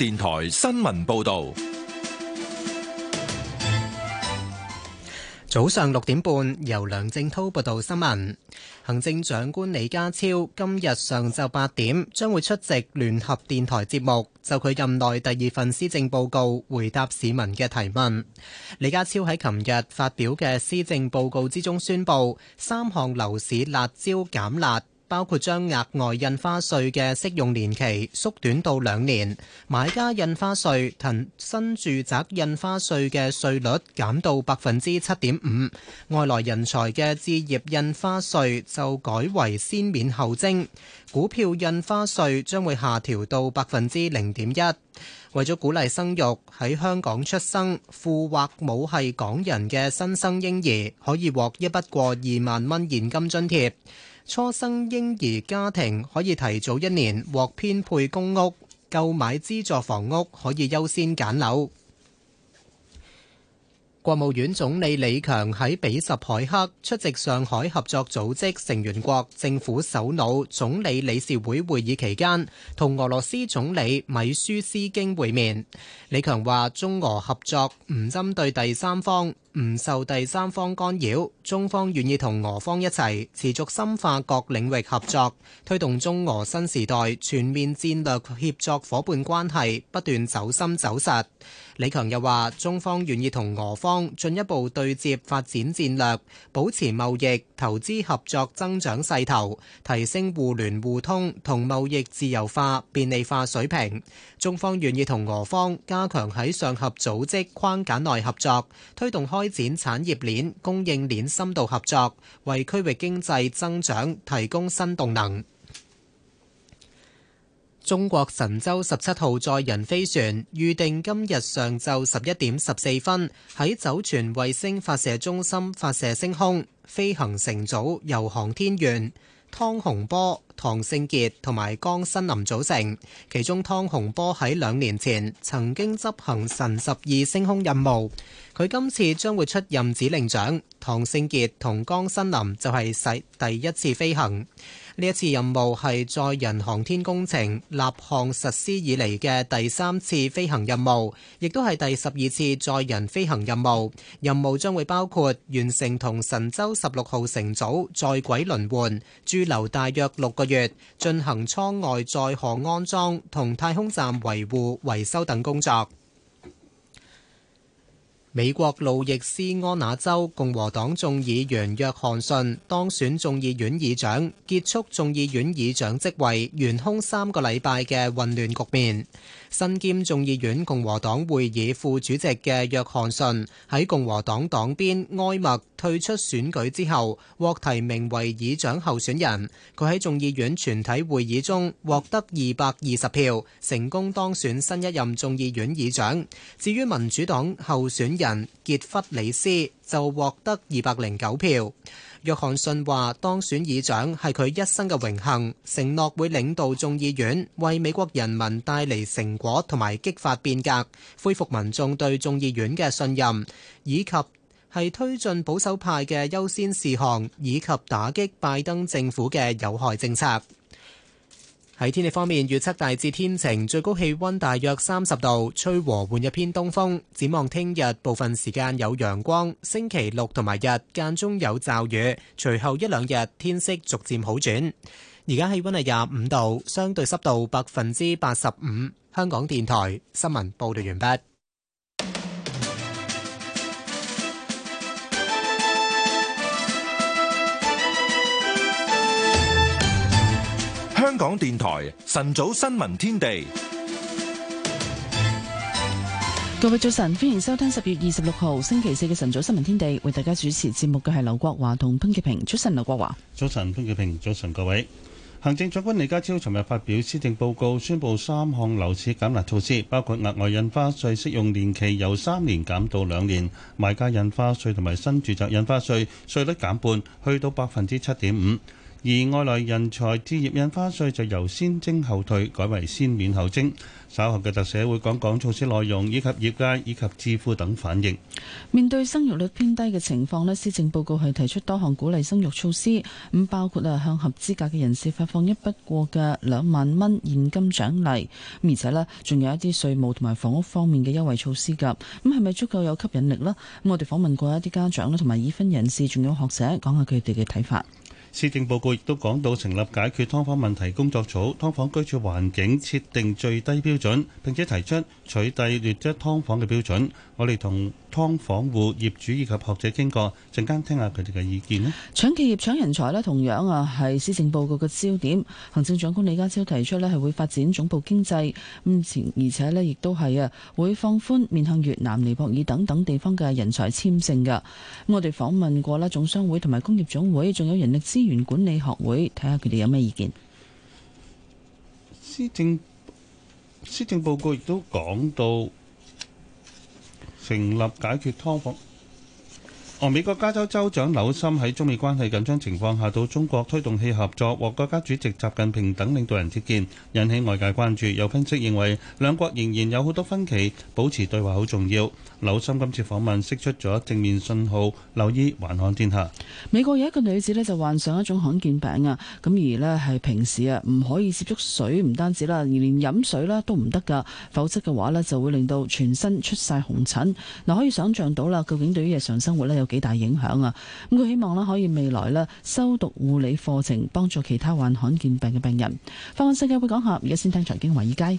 電台新聞報道，早上六點半由梁正濤報道新聞。行政長官李家超今日上晝八點將會出席聯合電台節目，就佢任內第二份施政報告回答市民嘅提問。李家超喺琴日發表嘅施政報告之中宣布三項樓市辣招減辣。包括將額外印花稅嘅適用年期縮短到兩年，買家印花稅同新住宅印花稅嘅稅率減到百分之七點五，外來人才嘅置業印花稅就改為先免後徵，股票印花稅將會下調到百分之零點一。為咗鼓勵生育，喺香港出生，父或母係港人嘅新生嬰兒可以獲一筆過二萬蚊現金津貼。初生嬰兒家庭可以提早一年獲編配公屋，購買資助房屋可以優先揀樓。國務院總理李強喺比什凱克出席上海合作組織成員國政府首腦總理理事會會議期間，同俄羅斯總理米舒斯京會面。李強話：中俄合作唔針對第三方。唔受第三方干擾，中方願意同俄方一齊持續深化各領域合作，推動中俄新時代全面戰略協作伙伴關係不斷走深走實。李強又話：中方願意同俄方進一步對接發展戰略，保持貿易投資合作增長勢頭，提升互聯互通同貿易自由化便利化水平。中方願意同俄方加強喺上合組織框架內合作，推動開開展產業鏈、供應鏈深度合作，為區域經濟增長提供新動能。中國神舟十七號載人飛船預定今日上晝十一點十四分喺酒泉衛星發射中心發射升空。飛行乘組由航天員湯洪波、唐勝傑同埋江新林組成，其中湯洪波喺兩年前曾經執行神十二升空任務。佢今次將會出任指令長，唐勝傑同江新林就係使第一次飛行。呢一次任務係載人航天工程立項實施以嚟嘅第三次飛行任務，亦都係第十二次載人飛行任務。任務將會包括完成同神舟十六號乘組在軌輪換，駐留大約六個月，進行艙外載荷安裝同太空站維護維修等工作。美國路易斯安那州共和黨眾議員約翰遜當選眾議院議長，結束眾議院議長職位懸空三個禮拜嘅混亂局面。身兼眾議院共和黨會議副主席嘅約翰遜，喺共和黨黨鞭埃默退出選舉之後，獲提名為議長候選人。佢喺眾議院全體會議中獲得二百二十票，成功當選新一任眾議院議長。至於民主黨候選人傑弗里斯，就獲得二百零九票。約翰遜話當選議長係佢一生嘅榮幸，承諾會領導眾議院，為美國人民帶嚟成果同埋激發變革，恢復民眾對眾議院嘅信任，以及係推進保守派嘅優先事項，以及打擊拜登政府嘅有害政策。喺天氣方面預測大致天晴，最高氣溫大約三十度，吹和緩一偏東風。展望聽日部分時間有陽光，星期六同埋日間中有驟雨，隨後一兩日天色逐漸好轉。而家氣溫係廿五度，相對濕度百分之八十五。香港電台新聞報道完畢。香港電台晨早新聞天地，各位早晨，歡迎收聽十月二十六號星期四嘅晨早新聞天地，為大家主持節目嘅係劉國華同潘潔平。出神早晨，劉國華。早晨，潘潔平。早晨，各位。行政長官李家超尋日發表施政報告，宣佈三項樓市減壓措施，包括額外印花稅適用年期由三年減到兩年，買家印花稅同埋新住宅印花稅稅率減半，去到百分之七點五。而外來人才置業印花稅就由先徵後退改為先免後徵，稍後嘅特寫會講講措施內容，以及業界以及支付等反應。面對生育率偏低嘅情況咧，施政報告係提出多項鼓勵生育措施，咁包括啊，向合資格嘅人士發放一筆過嘅兩萬蚊現金獎勵，而且咧仲有一啲稅務同埋房屋方面嘅優惠措施噶，咁係咪足夠有吸引力咧？咁我哋訪問過一啲家長啦，同埋已婚人士，仲有學者講下佢哋嘅睇法。施政報告亦都講到成立解決劏房問題工作組，劏房居住環境設定最低標準，並且提出取締劣質㓥房嘅標準。我哋同劏房戶、業主以及學者經過，陣間聽下佢哋嘅意見。搶企業、搶人才同樣係施政報告嘅焦點。行政長官李家超提出係會發展總部經濟，而且亦都係會放寬面向越南、尼泊爾等等地方嘅人才簽證。我哋訪問過總商會同埋工業總會，仲有人力資源管理學會，睇下佢哋有咩意見。施政報告亦都講到。成立解決湯局。俄、哦、美國加州州長紐森喺中美關係緊張情況下到中國推動氣合作，獲國家主席習近平等領導人接見，引起外界關注。有分析認為，兩國仍然有好多分歧，保持對話好重要。柳森今次訪問釋出咗正面信號，留意環看天下。美國有一個女子呢，就患上一種罕見病啊，咁而呢，係平時啊唔可以接觸水，唔單止啦，而連飲水咧都唔得㗎，否則嘅話呢，就會令到全身出晒紅疹。嗱，可以想像到啦，究竟對於日常生活呢，有幾大影響啊？咁佢希望呢，可以未來呢，修讀護理課程，幫助其他患罕見病嘅病人。放眼世界會講下，而家先聽財經華爾街。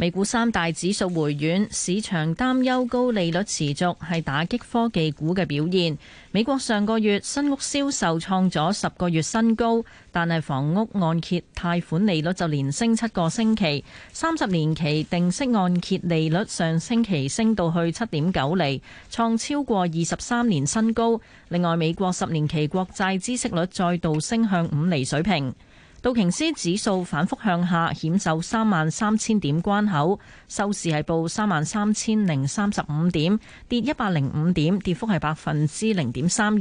美股三大指數回軟，市場擔憂高利率持續係打擊科技股嘅表現，美國上個月新屋銷售創咗十個月新高，但係房屋按揭貸款利率就連升七個星期，三十年期定息按揭利率上星期升到去七點九厘，創超過二十三年新高。另外，美國十年期國債孳息率再度升向五厘水平。道瓊斯指數反覆向下，險守三萬三千點關口，收市係報三萬三千零三十五點，跌一百零五點，跌幅係百分之零點三二。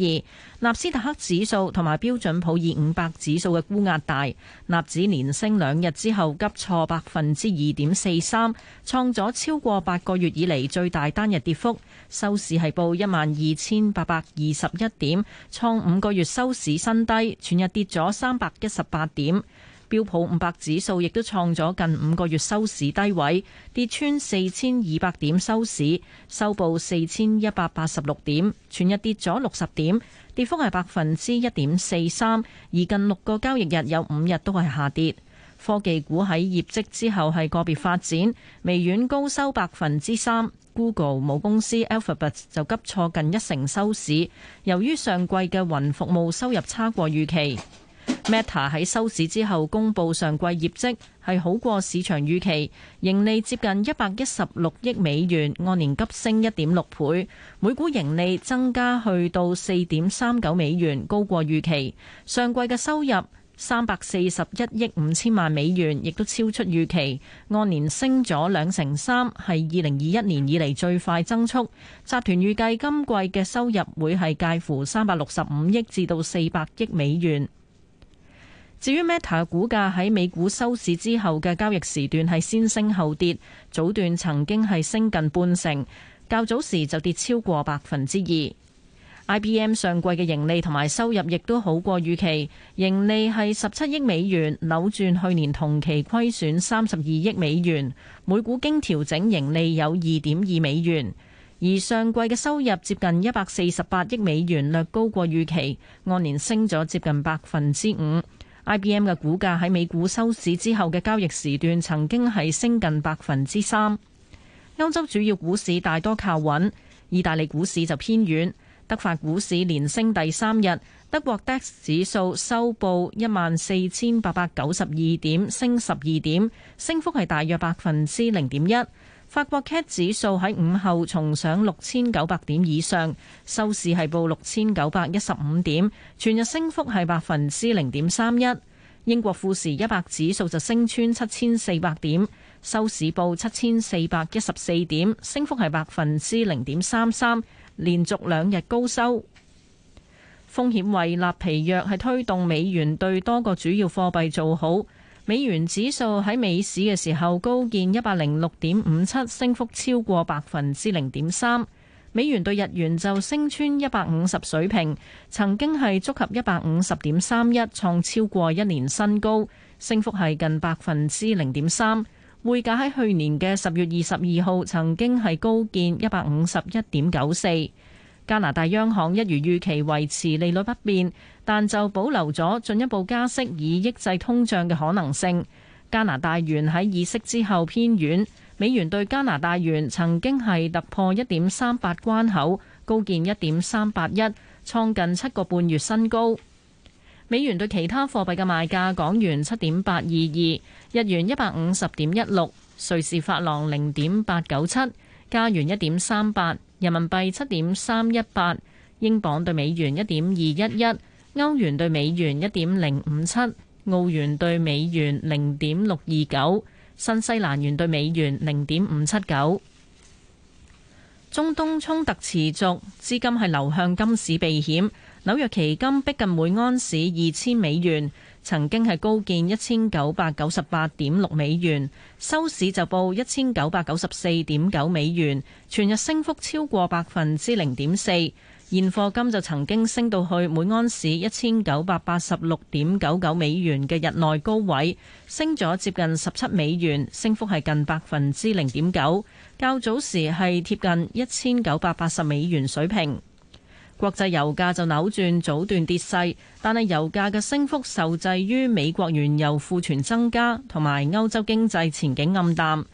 納斯達克指數同埋標準普爾五百指數嘅沽壓大，納指連升兩日之後急挫百分之二點四三，創咗超過八個月以嚟最大單日跌幅。收市係報一萬二千八百二十一點，創五個月收市新低，全日跌咗三百一十八點。標普五百指數亦都創咗近五個月收市低位，跌穿四千二百點收市，收報四千一百八十六點，全日跌咗六十點，跌幅係百分之一點四三，而近六個交易日有五日都係下跌。科技股喺業績之後係個別發展，微軟高收百分之三，Google 母公司 Alphabet 就急挫近一成收市，由於上季嘅雲服務收入差過預期。Meta 喺收市之後公佈上季業績係好過市場預期，盈利接近一百一十六億美元，按年急升一點六倍，每股盈利增加去到四點三九美元，高過預期。上季嘅收入三百四十一億五千萬美元，亦都超出預期，按年升咗兩成三，係二零二一年以嚟最快增速。集團預計今季嘅收入會係介乎三百六十五億至到四百億美元。至於 Meta 股價喺美股收市之後嘅交易時段係先升後跌，早段曾經係升近半成，較早時就跌超過百分之二。IBM 上季嘅盈利同埋收入亦都好過預期，盈利係十七億美元，扭轉去年同期虧損三十二億美元，每股經調整盈利有二點二美元，而上季嘅收入接近一百四十八億美元，略高過預期，按年升咗接近百分之五。IBM 嘅股價喺美股收市之後嘅交易時段，曾經係升近百分之三。歐洲主要股市大多靠穩，意大利股市就偏軟，德法股市連升第三日。德國 DAX 指數收報一萬四千八百九十二點，升十二點，升幅係大約百分之零點一。法國 CAC 指數喺午後重上六千九百點以上，收市係報六千九百一十五點，全日升幅係百分之零點三一。英國富時一百指數就升穿七千四百點，收市報七千四百一十四點，升幅係百分之零點三三，連續兩日高收。風險胃納疲弱係推動美元對多個主要貨幣做好。美元指數喺美市嘅時候高見一百零六點五七，升幅超過百分之零點三。美元對日元就升穿一百五十水平，曾經係觸及一百五十點三一，創超過一年新高，升幅係近百分之零點三。匯價喺去年嘅十月二十二號曾經係高見一百五十一點九四。加拿大央行一如預期維持利率不變，但就保留咗進一步加息以抑制通脹嘅可能性。加拿大元喺議息之後偏軟，美元對加拿大元曾經係突破一點三八關口，高見一點三八一，創近七個半月新高。美元對其他貨幣嘅賣價，港元七點八二二，日元一百五十點一六，瑞士法郎零點八九七，加元一點三八。人民幣七點三一八，英鎊兌美元一點二一一，歐元兌美元一點零五七，澳元兌美元零點六二九，新西蘭元兌美元零點五七九。中東衝突持續，資金係流向金市避險。紐約期金逼近每盎司二千美元，曾經係高見一千九百九十八點六美元，收市就報一千九百九十四點九美元，全日升幅超過百分之零點四。現貨金就曾經升到去每安士一千九百八十六點九九美元嘅日內高位，升咗接近十七美元，升幅係近百分之零點九。較早時係貼近一千九百八十美元水平。國際油價就扭轉早段跌勢，但係油價嘅升幅受制於美國原油庫存增加同埋歐洲經濟前景暗淡。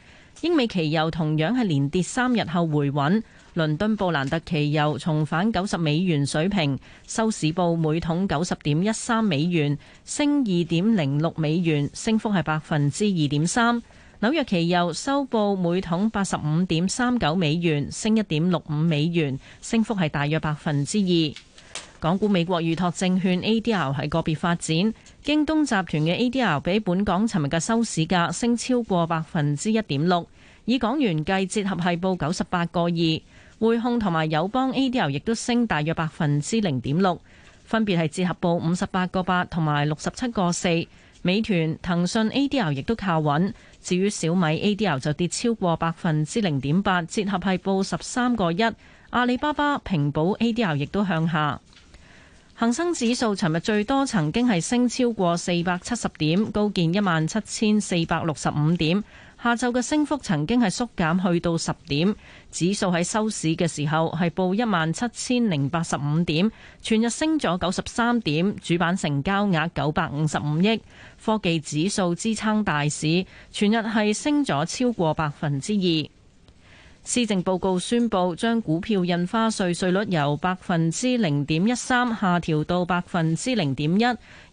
英美期油同樣係連跌三日後回穩。倫敦布蘭特期油重返九十美元水平，收市報每桶九十點一三美元，升二點零六美元，升幅係百分之二點三。紐約期油收報每桶八十五點三九美元，升一點六五美元，升幅係大約百分之二。港股美國預託證券 ADR 係個別發展，京東集團嘅 ADR 比本港尋日嘅收市價升超過百分之一點六，以港元計，折合係報九十八個二。匯控同埋友邦 A.D.R. 亦都升大約百分之零點六，分別係折合報五十八個八同埋六十七個四。美團、騰訊 A.D.R. 亦都靠穩。至於小米 A.D.R. 就跌超過百分之零點八，折合係報十三個一。阿里巴巴平保 A.D.R. 亦都向下。恒生指數尋日最多曾經係升超過四百七十點，高見一萬七千四百六十五點。下晝嘅升幅曾經係縮減去到十點，指數喺收市嘅時候係報一萬七千零八十五點，全日升咗九十三點，主板成交額九百五十五億，科技指數支撐大市，全日係升咗超過百分之二。施政報告宣佈將股票印花稅稅率由百分之零點一三下調到百分之零點一，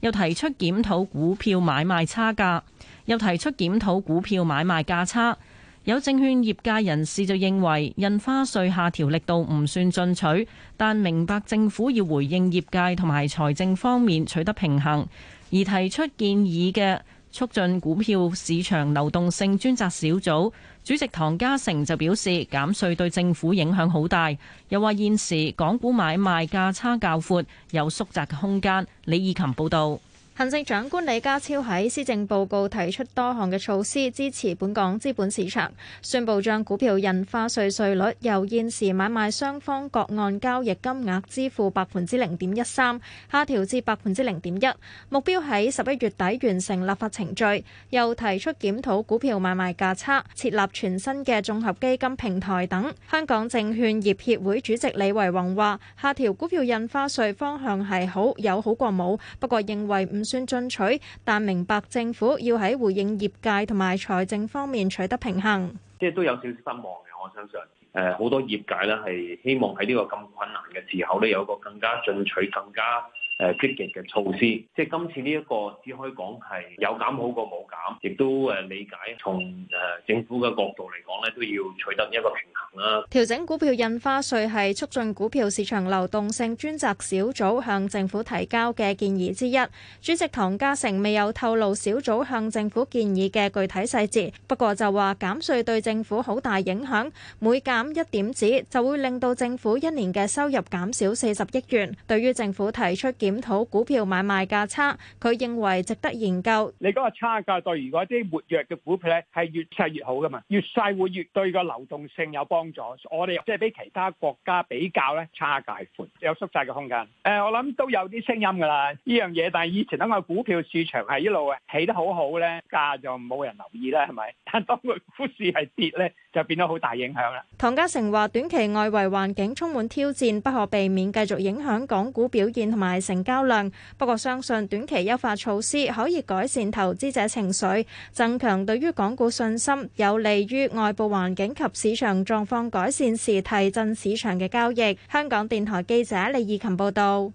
又提出檢討股票買賣差價。又提出檢討股票買賣價差，有證券業界人士就認為印花稅下調力度唔算進取，但明白政府要回應業界同埋財政方面取得平衡，而提出建議嘅促進股票市場流動性專責小組主席唐家成就表示減稅對政府影響好大，又話現時港股買賣價差較闊，有縮窄嘅空間。李義琴報導。行政長官李家超喺施政報告提出多項嘅措施支持本港資本市場，宣佈將股票印花稅稅率由現時買賣雙方各按交易金額支付百分之零點一三下調至百分之零點一，目標喺十一月底完成立法程序。又提出檢討股票買賣價差、設立全新嘅綜合基金平台等。香港證券業協會主席李維宏話：下調股票印花稅方向係好，有好過冇。不過認為唔算進取，但明白政府要喺回應業界同埋財政方面取得平衡，即係都有少少失望嘅。我相信誒好多業界咧，係希望喺呢個咁困難嘅時候咧，有個更加進取、更加誒積極嘅措施，即係今次呢一個，只可以講係有減好過冇減，亦都誒理解從誒政府嘅角度嚟講咧，都要取得一個平衡啦。調整股票印花稅係促進股票市場流動性專責小組向政府提交嘅建議之一。主席唐家成未有透露小組向政府建議嘅具體細節，不過就話減稅對政府好大影響，每減一點子就會令到政府一年嘅收入減少四十億元。對於政府提出檢討股票買賣價差，佢認為值得研究。你嗰個差價對如果啲活躍嘅股票咧係越細越好噶嘛？越細會越對個流動性有幫助。我哋即係俾其他國家比較咧，差價寬有縮窄嘅空間。誒，我諗都有啲聲音噶啦呢樣嘢，但係以前喺個股票市場係一路起得好好咧，價就冇人留意啦，係咪？但係當佢股市係跌咧，就變咗好大影響啦。唐家成話，短期外圍環境充滿挑戰，不可避免繼續影響港股表現同埋成交量，不過相信短期優化措施可以改善投資者情緒，增強對於港股信心，有利於外部環境及市場狀況改善時提振市場嘅交易。香港電台記者李義琴報道。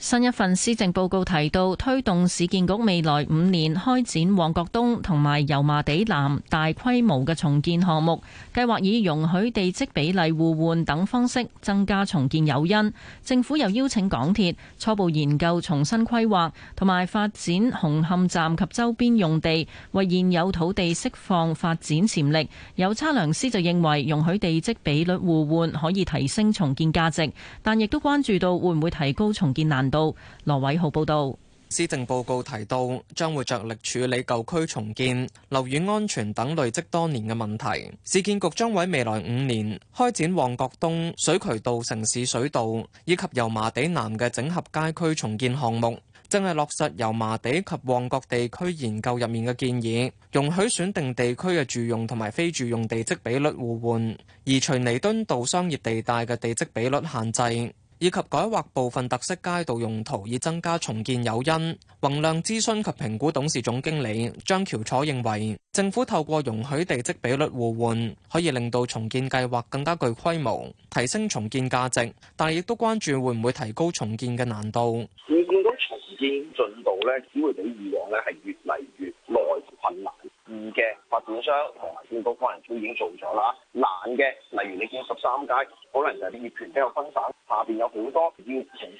新一份施政報告提到，推動市建局未來五年開展旺角東同埋油麻地南大規模嘅重建項目，計劃以容許地積比例互換等方式增加重建誘因。政府又邀請港鐵初步研究重新規劃同埋發展紅磡站及周邊用地，為現有土地釋放發展潛力。有測量師就認為，容許地積比率互換可以提升重建價值，但亦都關注到會唔會提高重建難。到羅偉浩報道，施政報告提到，將會着力處理舊區重建、樓宇安全等累積多年嘅問題。市建局將喺未來五年開展旺角東水渠道、城市水道以及油麻地南嘅整合街區重建項目，正係落實油麻地及旺角地區研究入面嘅建議，容許選定地區嘅住用同埋非住用地積比率互換，而除彌敦道商業地帶嘅地積比率限制，以及改劃部分特色街道用途，以增加重建誘因。宏亮諮詢及評估董事總經理張喬楚認為，政府透過容許地積比率互換，可以令到重建計劃更加具規模，提升重建價值，但係亦都關注會唔會提高重建嘅難度。你見到重建進度咧，只會比以往咧係越嚟越難困難嘅。發展商同埋市建局可能都已經做咗啦，難嘅，例如你見十三街，可能就係業權比較分散，下邊有好多要重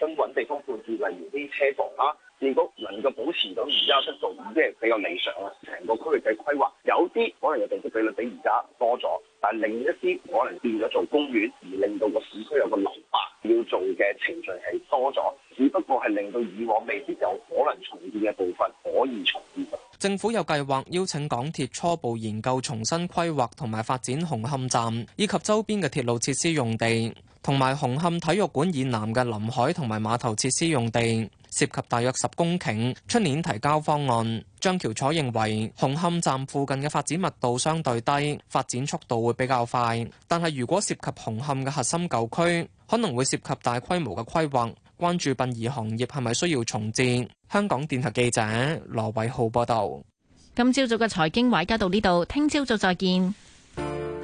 新揾地方配置，例如啲車房啦。如果能夠保持到而家出造，已經係比較理想啦。成個區域嘅規劃有啲可能有地積比率比而家多咗，但另一啲可能變咗做公園，而令到個市區有個留白，要做嘅程序係多咗，只不過係令到以往未必有可能重建嘅部分可以重建。政府有計劃邀請港鐵初步研究重新規劃同埋發展紅磡站以及周邊嘅鐵路設施用地，同埋紅磡體育館以南嘅臨海同埋碼頭設施用地，涉及大約十公頃，出年提交方案。張橋楚認為紅磡站附近嘅發展密度相對低，發展速度會比較快，但係如果涉及紅磡嘅核心舊區，可能會涉及大規模嘅規劃，關注殯儀行業係咪需要重置。香港電台記者羅偉浩報道。今朝早嘅財經話家到呢度，聽朝早就再見。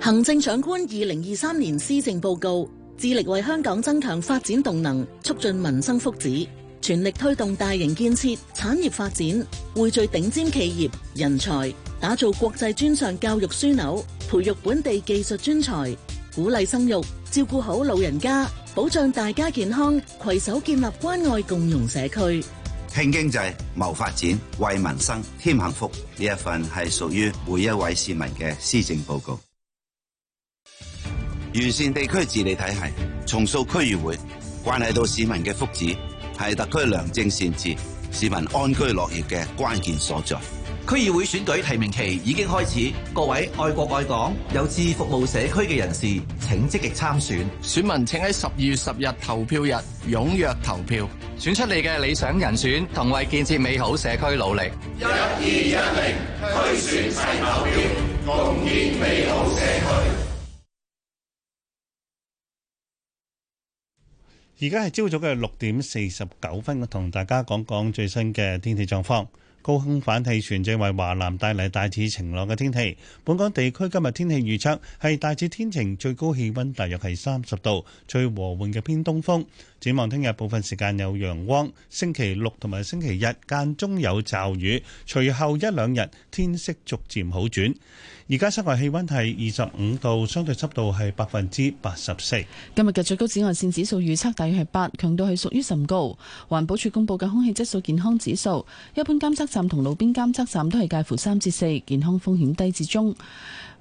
行政長官二零二三年施政報告，致力為香港增強發展動能，促進民生福祉，全力推動大型建設、產業發展，匯聚頂尖企業人才，打造國際專上教育樞紐，培育本地技術專才，鼓勵生育，照顧好老人家，保障大家健康，携手建立關愛共融社區。拼經濟、謀發展、為民生添幸福，呢一份係屬於每一位市民嘅施政報告。完善地區治理體系、重塑區議會，關係到市民嘅福祉，係特區良政善治、市民安居樂業嘅關鍵所在。區議會選舉提名期已經開始，各位愛國愛港、有志服務社區嘅人士，請積極參選。選民請喺十二月十日投票日踊躍投票，選出你嘅理想人選，同為建設美好社區努力。一、二、一零，推選制目標，共建美好社區。而家係朝早嘅六點四十九分，同大家講講最新嘅天氣狀況。高空反氣旋正為華南帶嚟大致晴朗嘅天氣。本港地區今日天氣預測係大致天晴，最高氣温大約係三十度，最和緩嘅偏東風。展望聽日部分時間有陽光，星期六同埋星期日間中有驟雨，隨後一兩日天色逐漸好轉。而家室外氣溫係二十五度，相對濕度係百分之八十四。今日嘅最高紫外線指數預測大約係八，強度係屬於甚高。環保署公布嘅空氣質素健康指數，一般監測站同路邊監測站都係介乎三至四，健康風險低至中。咁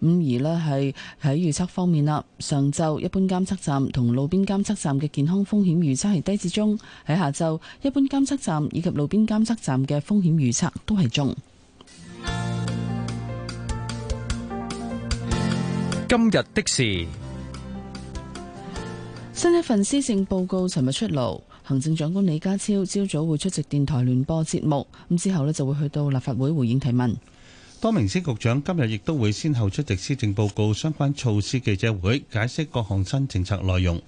而呢係喺預測方面啦，上晝一般監測站同路邊監測站嘅健康風險預測係低至中；喺下晝，一般監測站以及路邊監測站嘅風險預測都係中。今日的事，新一份施政報告尋日出爐，行政長官李家超朝早會出席電台聯播節目，咁之後呢就會去到立法會回應提問。多名司局長今日亦都會先後出席施政報告相關措施記者會，解釋各項新政策內容。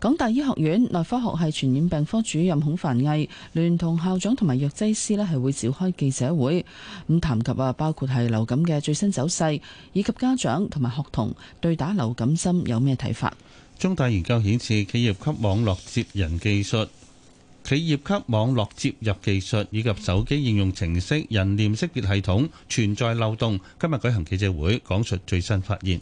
港大醫學院內科學系傳染病科主任孔繁毅聯同校長同埋藥劑師呢係會召開記者會，咁談及啊包括係流感嘅最新走勢，以及家長同埋學童對打流感針有咩睇法？中大研究顯示，企業級網絡接人技術、企業級網絡接入技術以及手機應用程式、人臉識別系統存在漏洞。今日舉行記者會，講述最新發現。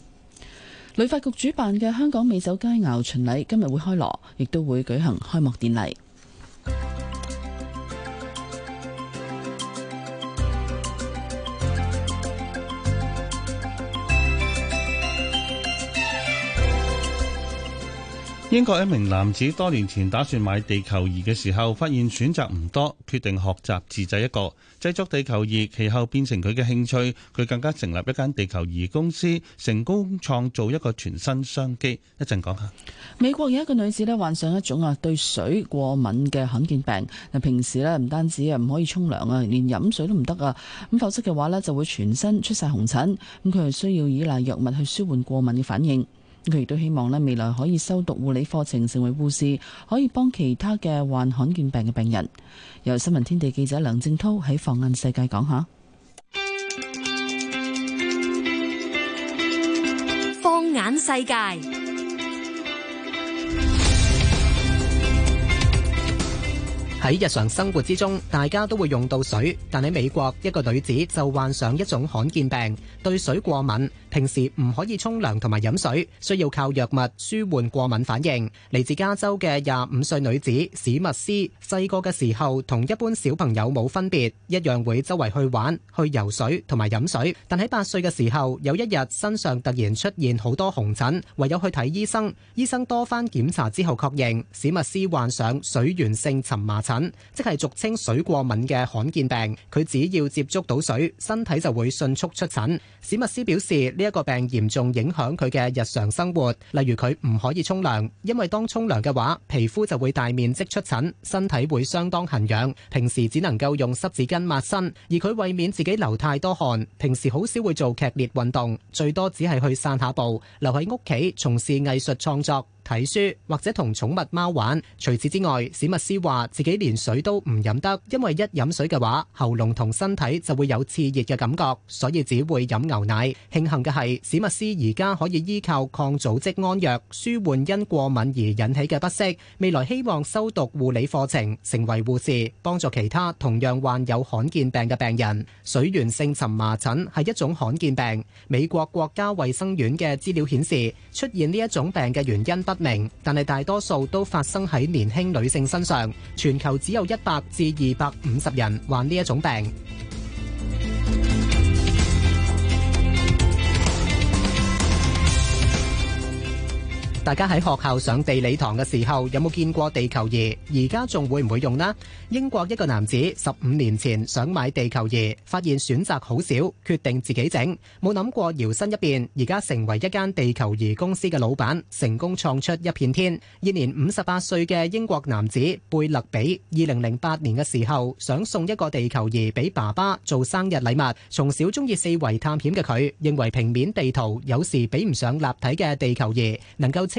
旅發局主辦嘅香港美酒佳肴巡禮今日會開鑼，亦都會舉行開幕典禮。英國一名男子多年前打算買地球儀嘅時候，發現選擇唔多，決定學習自製一個製作地球儀。其後變成佢嘅興趣，佢更加成立一間地球儀公司，成功創造一個全新商機。一陣講下。美國有一個女子咧，患上一種啊對水過敏嘅罕見病。嗱，平時咧，唔單止啊唔可以沖涼啊，連飲水都唔得啊。咁否則嘅話咧，就會全身出晒紅疹。咁佢係需要依賴藥物去舒緩過敏嘅反應。佢亦都希望呢，未來可以修讀護理課程，成為護士，可以幫其他嘅患罕見病嘅病，病人。由新聞天地記者梁正濤喺放眼世界講下。放眼世界。喺日常生活之中，大家都會用到水，但喺美國，一個女子就患上一種罕見病，對水過敏，平時唔可以沖涼同埋飲水，需要靠藥物舒緩過敏反應。嚟自加州嘅廿五歲女子史密斯，細個嘅時候同一般小朋友冇分別，一樣會周圍去玩、去游水同埋飲水。但喺八歲嘅時候，有一日身上突然出現好多紅疹，唯有去睇醫生。醫生多番檢查之後確認，史密斯患上水源性蕁麻疹。疹，即係俗稱水過敏嘅罕見病。佢只要接觸到水，身體就會迅速出疹。史密斯表示呢一個病嚴重影響佢嘅日常生活，例如佢唔可以沖涼，因為當沖涼嘅話，皮膚就會大面積出疹，身體會相當痕癢。平時只能夠用濕紙巾抹身，而佢為免自己流太多汗，平時好少會做劇烈運動，最多只係去散下步，留喺屋企從事藝術創作。睇書或者同寵物貓玩。除此之外，史密斯話自己連水都唔飲得，因為一飲水嘅話喉嚨同身體就會有刺熱嘅感覺，所以只會飲牛奶。慶幸嘅係史密斯而家可以依靠抗組織胺藥舒緩因過敏而引起嘅不適。未來希望修讀護理課程，成為護士，幫助其他同樣患有罕見病嘅病人。水源性蕁麻疹係一種罕見病。美國國家衛生院嘅資料顯示，出現呢一種病嘅原因不明，但係大多數都發生喺年輕女性身上。全球只有一百至二百五十人患呢一種病。大家喺學校上地理堂嘅時候有冇見過地球儀？而家仲會唔會用呢？英國一個男子十五年前想買地球儀，發現選擇好少，決定自己整。冇諗過搖身一變，而家成為一間地球儀公司嘅老闆，成功創出一片天。現年五十八歲嘅英國男子貝勒比，二零零八年嘅時候想送一個地球儀俾爸爸做生日禮物。從小中意四圍探險嘅佢，認為平面地圖有時比唔上立體嘅地球儀，能夠清。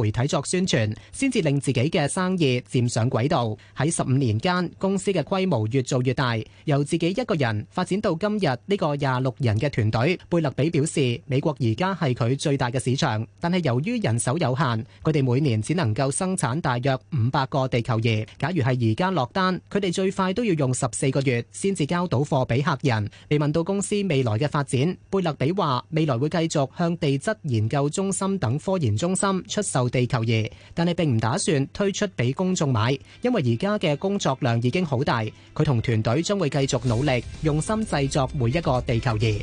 媒體作宣傳，先至令自己嘅生意漸上軌道。喺十五年間，公司嘅規模越做越大，由自己一個人發展到今日呢個廿六人嘅團隊。貝勒比表示，美國而家係佢最大嘅市場，但係由於人手有限，佢哋每年只能夠生產大約五百個地球儀。假如係而家落單，佢哋最快都要用十四個月先至交到貨俾客人。被問到公司未來嘅發展，貝勒比話：未來會繼續向地質研究中心等科研中心出售。地球儀，但係並唔打算推出俾公眾買，因為而家嘅工作量已經好大。佢同團隊將會繼續努力，用心製作每一個地球儀。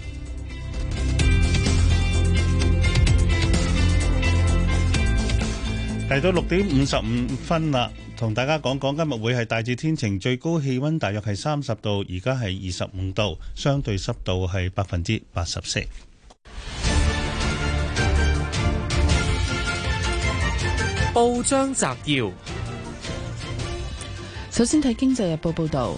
嚟到六點五十五分啦，同大家講講今日會係大致天晴，最高氣溫大約係三十度，而家係二十五度，相對濕度係百分之八十四。報章摘要：首先睇《經濟日報》報道，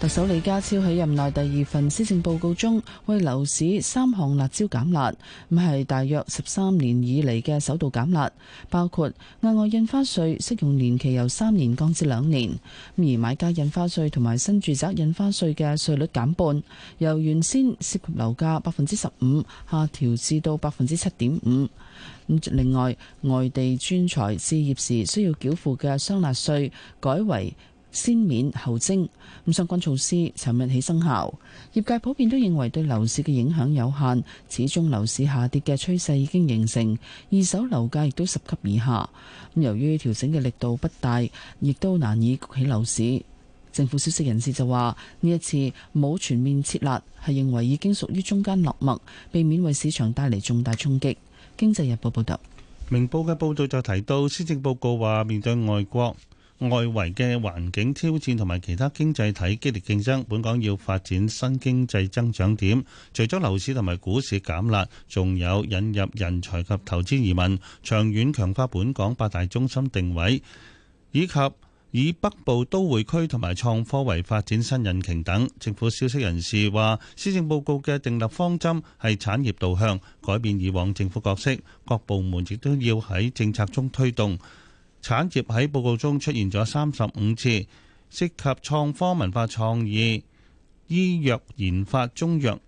特首李家超喺任內第二份施政報告中，為樓市三項辣招減辣，唔係大約十三年以嚟嘅首度減辣，包括額外印花稅適用年期由三年降至兩年，而買家印花稅同埋新住宅印花稅嘅稅率減半，由原先涉及樓價百分之十五下調至到百分之七點五。另外，外地專才置業時需要繳付嘅雙辣稅，改為先免後徵。咁相關措施尋日起生效。業界普遍都認為對樓市嘅影響有限，始終樓市下跌嘅趨勢已經形成，二手樓價亦都十級以下。咁由於調整嘅力度不大，亦都難以擱起樓市。政府消息人士就話：呢一次冇全面撤辣，係認為已經屬於中間落墨，避免為市場帶嚟重大衝擊。經濟日報報道，明報嘅報道就提到施政報告話，面對外國外圍嘅環境挑戰同埋其他經濟體激烈競爭，本港要發展新經濟增長點，除咗樓市同埋股市減辣，仲有引入人才及投資移民，長遠強化本港八大中心定位，以及。以北部都會區同埋創科為發展新引擎等，政府消息人士話，施政報告嘅訂立方針係產業導向，改變以往政府角色，各部門亦都要喺政策中推動。產業喺報告中出現咗三十五次，涉及創科、文化、創意、醫藥研發、中藥、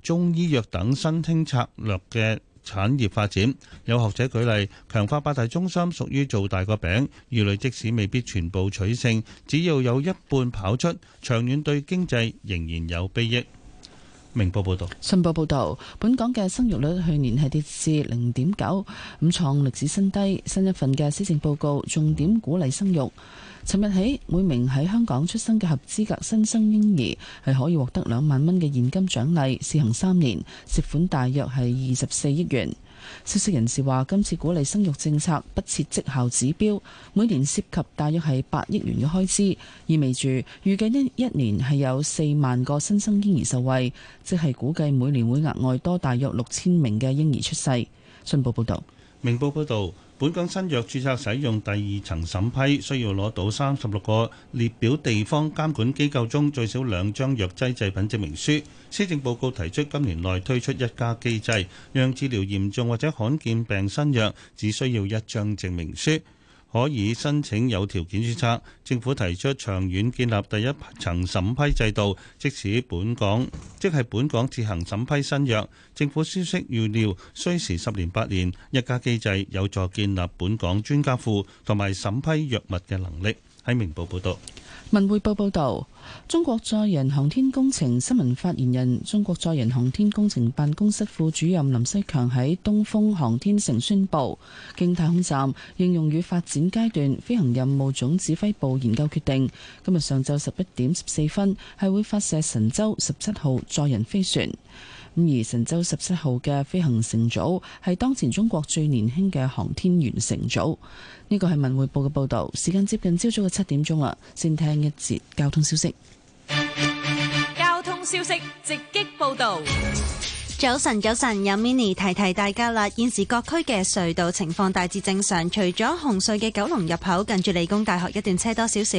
中醫藥等新興策略嘅產業發展，有學者舉例，強化八大中心屬於做大個餅，二類即使未必全部取勝，只要有一半跑出，長遠對經濟仍然有裨益。明報報道，信報報導，本港嘅生育率去年係跌至零點九五，創歷史新低。新一份嘅施政報告重點鼓勵生育。尋日起，每名喺香港出生嘅合資格新生嬰兒係可以獲得兩萬蚊嘅現金獎勵，試行三年，涉款大約係二十四億元。消息人士話，今次鼓勵生育政策不設績效指標，每年涉及大約係八億元嘅開支，意味住預計呢一年係有四萬個新生嬰兒受惠，即係估計每年會額外多大約六千名嘅嬰兒出世。信報報導，明報報導。本港新藥註冊使用第二層審批，需要攞到三十六個列表地方監管機構中最少兩張藥劑製品證明書。施政報告提出，今年內推出一加機制，讓治療嚴重或者罕見病新藥，只需要一張證明書。可以申請有條件註冊，政府提出長遠建立第一層審批制度，即係本港即係本港自行審批新藥，政府消息預料需時十年八年，一家機制有助建立本港專家庫同埋審批藥物嘅能力。喺明報報道。文匯報報道，中國載人航天工程新聞發言人、中國載人航天工程辦公室副主任林西強喺東風航天城宣布，經太空站應用與發展階段飛行任務總指揮部研究決定，今日上晝十一點十四分係會發射神舟十七號載人飛船。而神舟十七號嘅飛行乘組係當前中國最年輕嘅航天員乘組，呢個係文匯報嘅報道。時間接近朝早嘅七點鐘啦，先聽一節交通消息。交通消息直擊報道。早晨，早晨，有 Mini 提提大家啦。現時各區嘅隧道情況大致正常，除咗紅隧嘅九龍入口近住理工大學一段車多少少。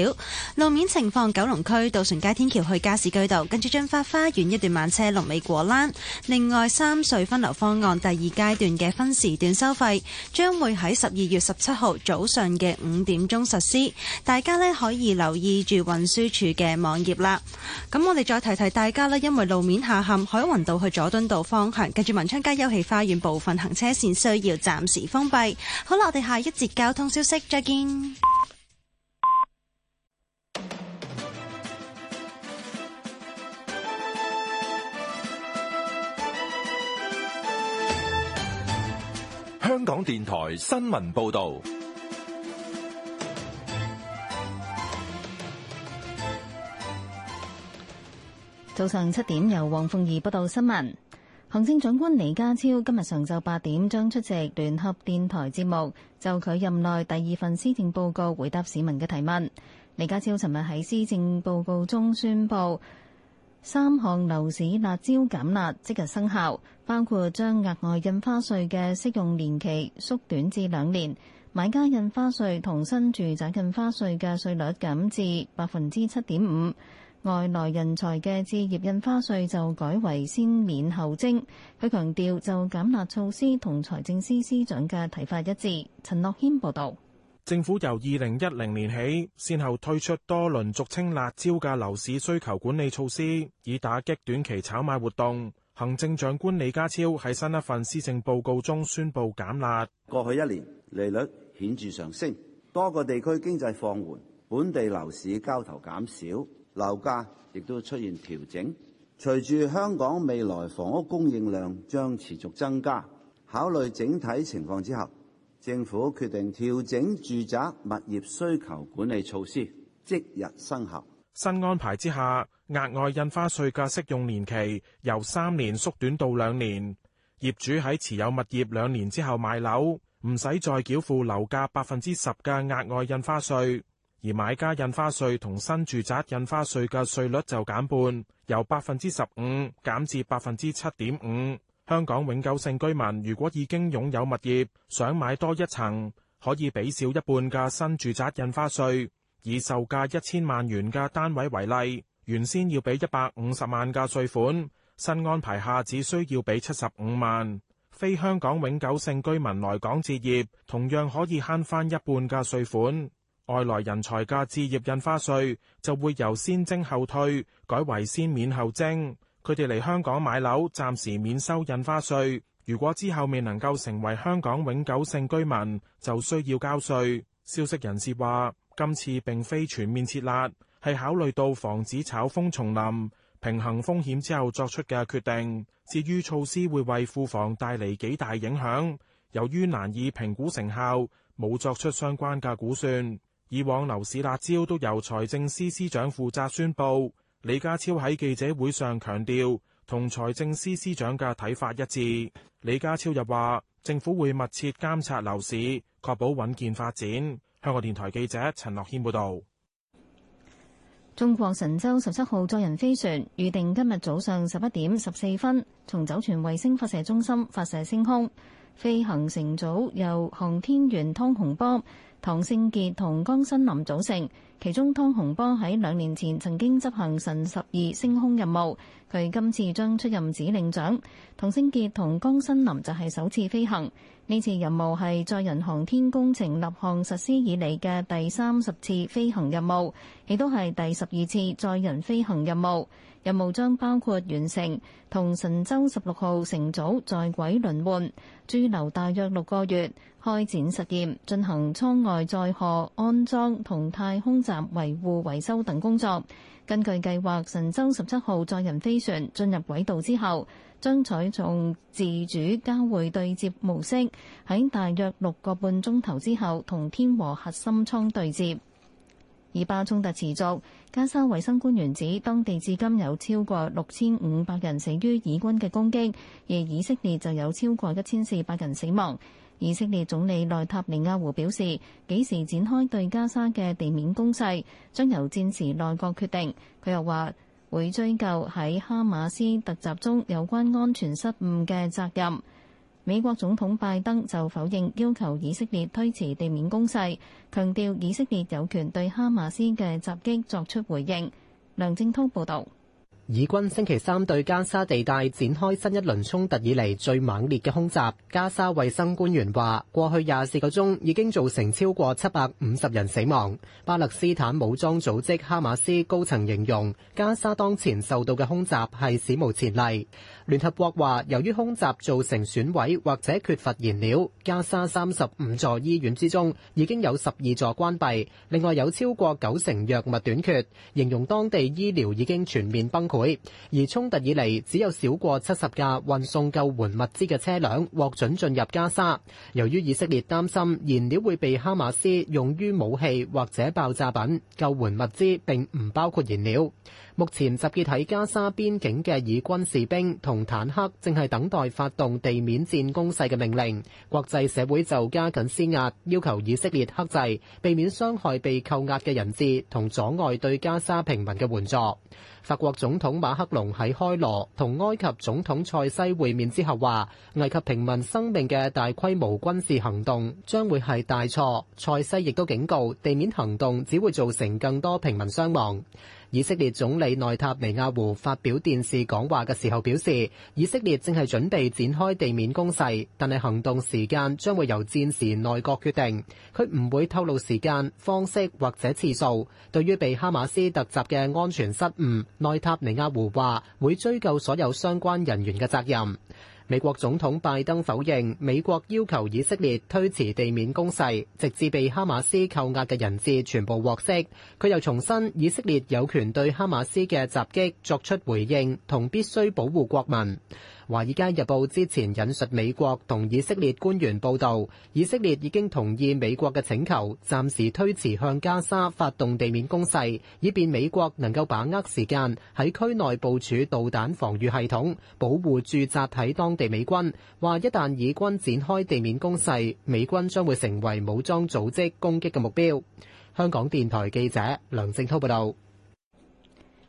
路面情況，九龍區渡船街天橋去加士居道跟住進發花園一段慢車龍尾果欄，另外，三隧分流方案第二階段嘅分時段收費將會喺十二月十七號早上嘅五點鐘實施，大家咧可以留意住運輸署嘅網頁啦。咁我哋再提提大家啦，因為路面下陷，海雲道去佐敦道方向，跟住文昌街休憩花園部分行車線需要暫時封閉。好啦，我哋下一節交通消息，再見。香港電台新聞報道。早上七點，由黃鳳儀報道新聞。行政長官李家超今日上晝八點將出席聯合電台節目，就佢任內第二份施政報告回答市民嘅提問。李家超尋日喺施政報告中宣布三項樓市辣招減辣即日生效，包括將額外印花稅嘅適用年期縮短至兩年，買家印花稅同新住宅印花稅嘅稅率減至百分之七點五。外來人才嘅置業印花稅就改為先免後徵，佢強調就減辣措施同財政司司長嘅提法一致。陳樂謙報道。政府由二零一零年起，先後推出多輪俗稱辣招嘅樓市需求管理措施，以打擊短期炒賣活動，行政長官李家超喺新一份施政報告中宣布減辣。過去一年利率顯著上升，多個地區經濟放緩，本地樓市交投減少。樓價亦都出現調整，隨住香港未來房屋供應量將持續增加，考慮整體情況之後，政府決定調整住宅物業需求管理措施，即日生效。新安排之下，額外印花稅嘅適用年期由三年縮短到兩年，業主喺持有物業兩年之後賣樓，唔使再繳付樓價百分之十嘅額外印花稅。而買家印花稅同新住宅印花稅嘅稅率就減半，由百分之十五減至百分之七點五。香港永久性居民如果已經擁有物業，想買多一層，可以俾少一半嘅新住宅印花稅。以售價一千萬元嘅單位為例，原先要俾一百五十萬嘅稅款，新安排下只需要俾七十五萬。非香港永久性居民來港置業，同樣可以慳翻一半嘅稅款。外來人才嘅置業印花稅就會由先徵後退改為先免後徵，佢哋嚟香港買樓暫時免收印花稅。如果之後未能夠成為香港永久性居民，就需要交稅。消息人士話，今次並非全面設立，係考慮到防止炒風重臨、平衡風險之後作出嘅決定。至於措施會為庫房帶嚟幾大影響，由於難以評估成效，冇作出相關嘅估算。以往樓市辣招都由財政司司長負責宣佈。李家超喺記者會上強調，同財政司司長嘅睇法一致。李家超又話，政府會密切監察樓市，確保穩健發展。香港電台記者陳樂軒報導。中國神舟十七號載人飛船預定今日早上十一點十四分從酒泉衛星發射中心發射升空。飛行乘組由航天員湯洪波、唐勝杰同江新林組成，其中湯洪波喺兩年前曾經執行神十二升空任務，佢今次將出任指令長，唐勝傑同江新林就係首次飛行。呢次任務係載人航天工程立項實施以嚟嘅第三十次飛行任務，亦都係第十二次載人飛行任務，任務將包括完成同神舟十六號乘組在軌輪換，駐留大約六個月。開展實驗，進行艙外載荷安裝同太空站維護維修等工作。根據計劃，神舟十七號載人飛船進入軌道之後，將採用自主交會對接模式，喺大約六個半鐘頭之後同天和核心艙對接。以巴衝突持續，加沙衛生官員指，當地至今有超過六千五百人死於以軍嘅攻擊，而以色列就有超過一千四百人死亡。以色列總理內塔尼亞胡表示，幾時展開對加沙嘅地面攻勢，將由戰時內閣決定。佢又話會追究喺哈馬斯突襲中有關安全失誤嘅責任。美國總統拜登就否認要求以色列推遲地面攻勢，強調以色列有權對哈馬斯嘅襲擊作出回應。梁正濤報道。以軍星期三對加沙地帶展開新一輪衝突以嚟，最猛烈嘅空襲。加沙衛生官員話，過去廿四個鐘已經造成超過七百五十人死亡。巴勒斯坦武裝組織哈馬斯高層形容，加沙當前受到嘅空襲係史無前例。聯合國話，由於空襲造成損毀或者缺乏燃料，加沙三十五座醫院之中已經有十二座關閉，另外有超過九成藥物短缺，形容當地醫療已經全面崩潰。而衝突以嚟，只有少過七十架運送救援物資嘅車輛獲准進入加沙。由於以色列擔心燃料會被哈馬斯用於武器或者爆炸品，救援物資並唔包括燃料。目前集結喺加沙邊境嘅以軍士兵同坦克正係等待發動地面戰攻勢嘅命令。國際社會就加緊施壓，要求以色列克制，避免傷害被扣押嘅人質同阻礙對加沙平民嘅援助。法國總統馬克龍喺開羅同埃及總統塞西會面之後話，危及平民生命嘅大規模軍事行動將會係大錯。塞西亦都警告，地面行動只會造成更多平民傷亡。以色列總理內塔尼亞胡發表電視講話嘅時候表示，以色列正係準備展開地面攻勢，但係行動時間將會由戰時內閣決定。佢唔會透露時間、方式或者次數。對於被哈馬斯突襲嘅安全失誤，內塔尼亞胡話會追究所有相關人員嘅責任。美國總統拜登否認美國要求以色列推遲地面攻勢，直至被哈馬斯扣押嘅人質全部獲釋。佢又重申，以色列有權對哈馬斯嘅襲擊作出回應，同必須保護國民。《華爾街日報》之前引述美國同以色列官員報道，以色列已經同意美國嘅請求，暫時推遲向加沙發動地面攻勢，以便美國能夠把握時間喺區內部署導彈防禦系統，保護駐紮喺當地美軍。話一旦以軍展開地面攻勢，美軍將會成為武裝組織攻擊嘅目標。香港電台記者梁正滔報道。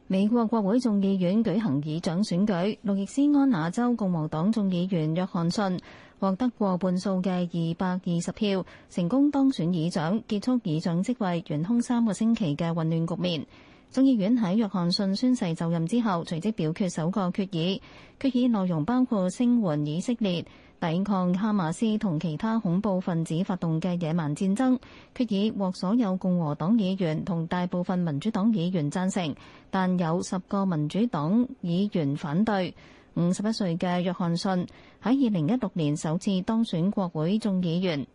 美國國會眾議院舉行議長選舉，路易斯安那州共和黨眾議員約翰遜獲得過半數嘅二百二十票，成功當選議長，結束議長職位懸空三個星期嘅混亂局面。眾議院喺約翰遜宣誓就任之後，隨即表決首個決議，決議內容包括聲援以色列。抵抗哈馬斯同其他恐怖分子發動嘅野蠻戰爭，決議獲所有共和黨議員同大部分民主黨議員讚成，但有十個民主黨議員反對，五十一歲嘅約翰遜喺二零一六年首次當選國會眾議員，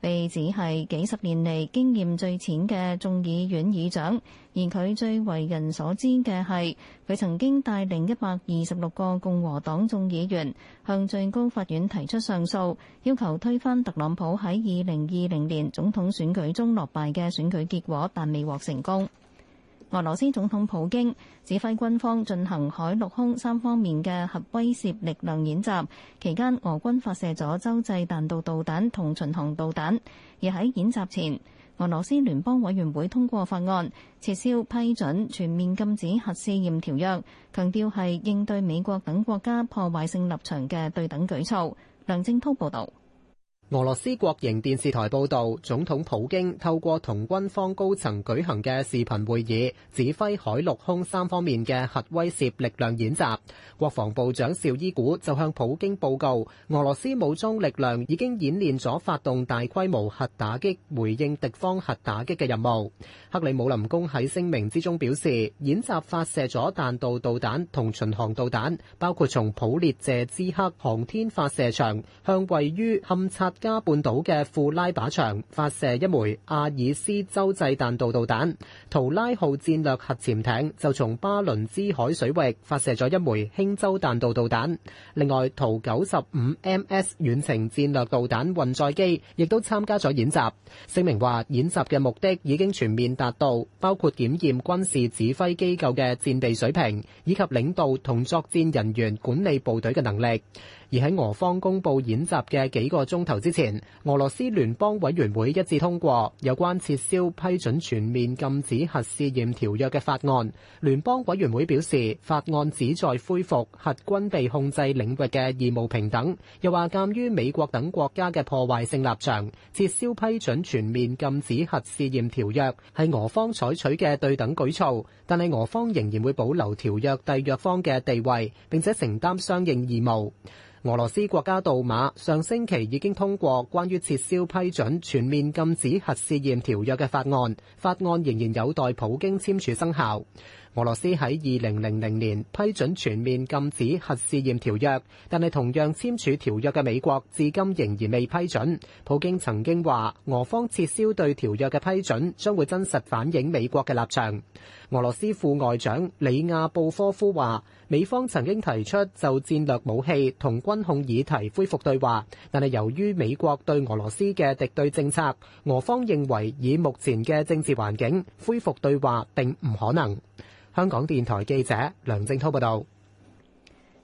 被指係幾十年嚟經驗最淺嘅眾議院議長。而佢最為人所知嘅係，佢曾經帶領一百二十六個共和黨眾議員向最高法院提出上訴，要求推翻特朗普喺二零二零年總統選舉中落敗嘅選舉結果，但未獲成功。俄羅斯總統普京指揮軍方進行海陸空三方面嘅核威懾力量演習，期間俄軍發射咗洲際彈道導彈同巡航導彈，而喺演習前，俄羅斯聯邦委員會通過法案，撤銷批准全面禁止核試驗條約，強調係應對美國等國家破壞性立場嘅對等舉措。梁正滔報導。俄羅斯國營電視台報導，總統普京透過同軍方高層舉行嘅視頻會議，指揮海陸空三方面嘅核威懾力量演習。國防部長紹伊古就向普京報告，俄羅斯武裝力量已經演練咗發動大規模核打擊回應敵方核打擊嘅任務。克里姆林宮喺聲明之中表示，演習發射咗彈道導彈同巡航導彈，包括從普列謝茨克航天發射場向位於堪察加半島嘅庫拉靶場發射一枚阿爾斯洲際彈道導彈。圖拉號戰略核潛艇就從巴倫支海水域發射咗一枚輕洲彈道導彈，另外，圖九十五 MS 遠程戰略導彈運載機亦都參加咗演習，聲明話演習嘅目的已經全面達到，包括檢驗軍事指揮機構嘅戰備水平，以及領導同作戰人員管理部隊嘅能力。而喺俄方公布演習嘅幾個鐘頭之前，俄羅斯聯邦委員會一致通過有關撤銷批准全面禁止核試驗條約嘅法案。聯邦委員會表示，法案旨在恢復核軍備控制領域嘅義務平等。又話鑒於美國等國家嘅破壞性立場，撤銷批准全面禁止核試驗條約係俄方採取嘅對等舉措。但係俄方仍然會保留條約締約方嘅地位，並且承擔相應義務。俄羅斯國家杜馬上星期已經通過關於撤銷批准全面禁止核試驗條約嘅法案，法案仍然有待普京簽署生效。俄羅斯喺二零零零年批准全面禁止核試驗條約，但係同樣簽署條約嘅美國至今仍然未批准。普京曾經話，俄方撤銷對條約嘅批准將會真實反映美國嘅立場。俄羅斯副外長里亞布科夫話：美方曾經提出就戰略武器同軍控議題恢復對話，但係由於美國對俄羅斯嘅敵對政策，俄方認為以目前嘅政治環境，恢復對話並唔可能。香港電台記者梁正濤報道。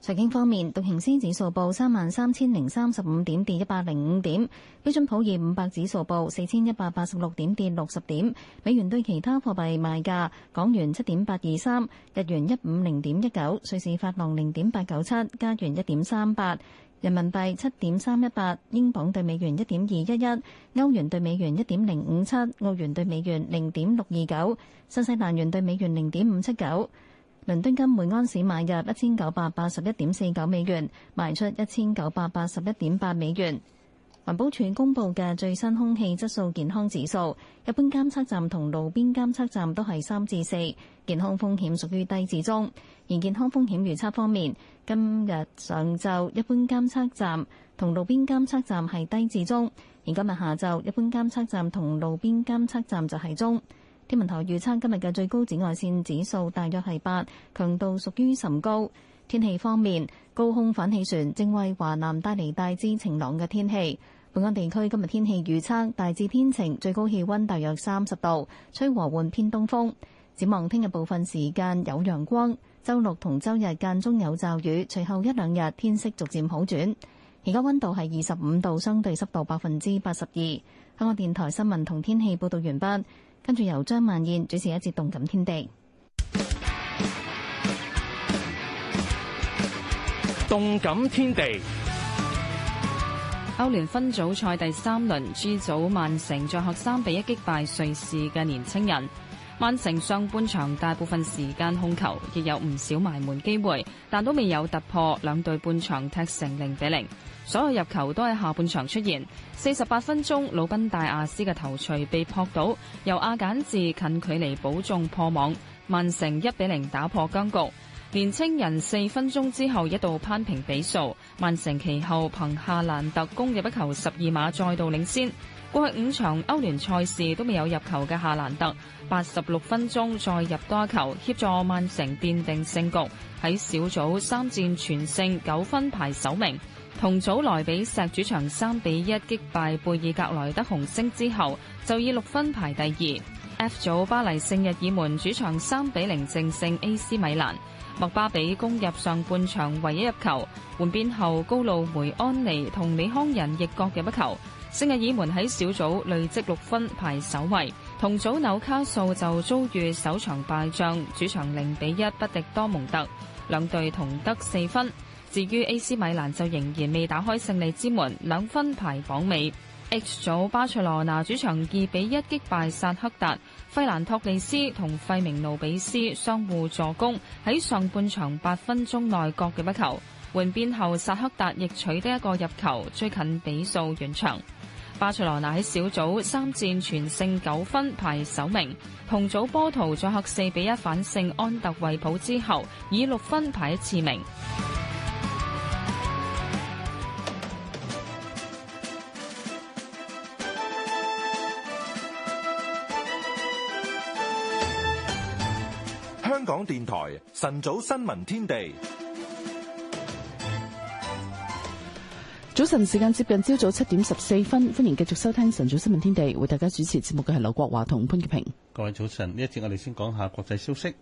財經方面，道瓊斯指數報三萬三千零三十五點，跌一百零五點；標準普爾五百指數報四千一百八十六點，跌六十點。美元對其他貨幣賣價：港元七點八二三，日元一五零點一九，瑞士法郎零點八九七，加元一點三八，人民幣七點三一八，英鎊對美元一點二一一，歐元對美元一點零五七，澳元對美元零點六二九，新西蘭元對美元零點五七九。倫敦金每安士買入一千九百八十一點四九美元，賣出一千九百八十一點八美元。環保署公布嘅最新空氣質素健康指數，一般監測站同路邊監測站都係三至四，健康風險屬於低至中。而健康風險預測方面，今日上晝一般監測站同路邊監測站係低至中，而今日下晝一般監測站同路邊監測站就係中。天文台預測今日嘅最高紫外線指數大約係八，強度屬於甚高。天氣方面，高空反氣旋正為華南帶嚟大致晴朗嘅天氣。本港地區今日天氣預測大致天晴，最高氣温大約三十度，吹和緩偏東風。展望聽日部分時間有陽光，周六同周日間中有驟雨，隨後一兩日天色逐漸好轉。而家温度係二十五度，相對濕度百分之八十二。香港電台新聞同天氣報導完畢。跟住由張曼燕主持一節動感天地。動感天地。歐聯分組賽第三輪 G 組曼城在客三比一擊敗瑞士嘅年輕人。曼城上半場大部分時間控球，亦有唔少埋門機會，但都未有突破。兩隊半場踢成零比零，所有入球都喺下半場出現。四十八分鐘，魯賓大亞斯嘅頭槌被撲到，由阿簡治近距離保中破網，曼城一比零打破僵局。年青人四分鐘之後一度攀平比數，曼城其後憑夏蘭特攻入一球十二碼，再度領先。過去五場歐聯賽事都未有入球嘅夏蘭特，八十六分鐘再入多球協助曼城奠定勝局。喺小組三戰全勝九分排首名，同組萊比錫主場三比一擊敗貝爾格萊德紅星之後，就以六分排第二。F 組巴黎聖日耳門主場三比零淨勝 AC 米蘭，麥巴比攻入上半場唯一入球，換邊後高路梅安尼同李康仁亦各入一球。聖日耳門喺小組累積六分排首位，同組紐卡素就遭遇首場敗仗，主場零比一不敵多蒙特，兩隊同得四分。至於 A.C. 米蘭就仍然未打開勝利之門，兩分排榜尾。H 組巴塞羅那主場二比一擊敗薩克達，費蘭托利斯同費明盧比斯相互助攻喺上半場八分鐘內各入一球，換邊後薩克達亦取得一個入球，追近比數，完場。巴塞羅那喺小組三戰全勝九分排首名，同組波圖作客四比一反勝安特衛普之後，以六分排一次名。香港電台晨早新聞天地。早晨時間接近朝早七點十四分，歡迎繼續收聽晨早新聞天地，為大家主持節目嘅係劉國華同潘潔平。各位早晨，呢一節我哋先講下國際消息。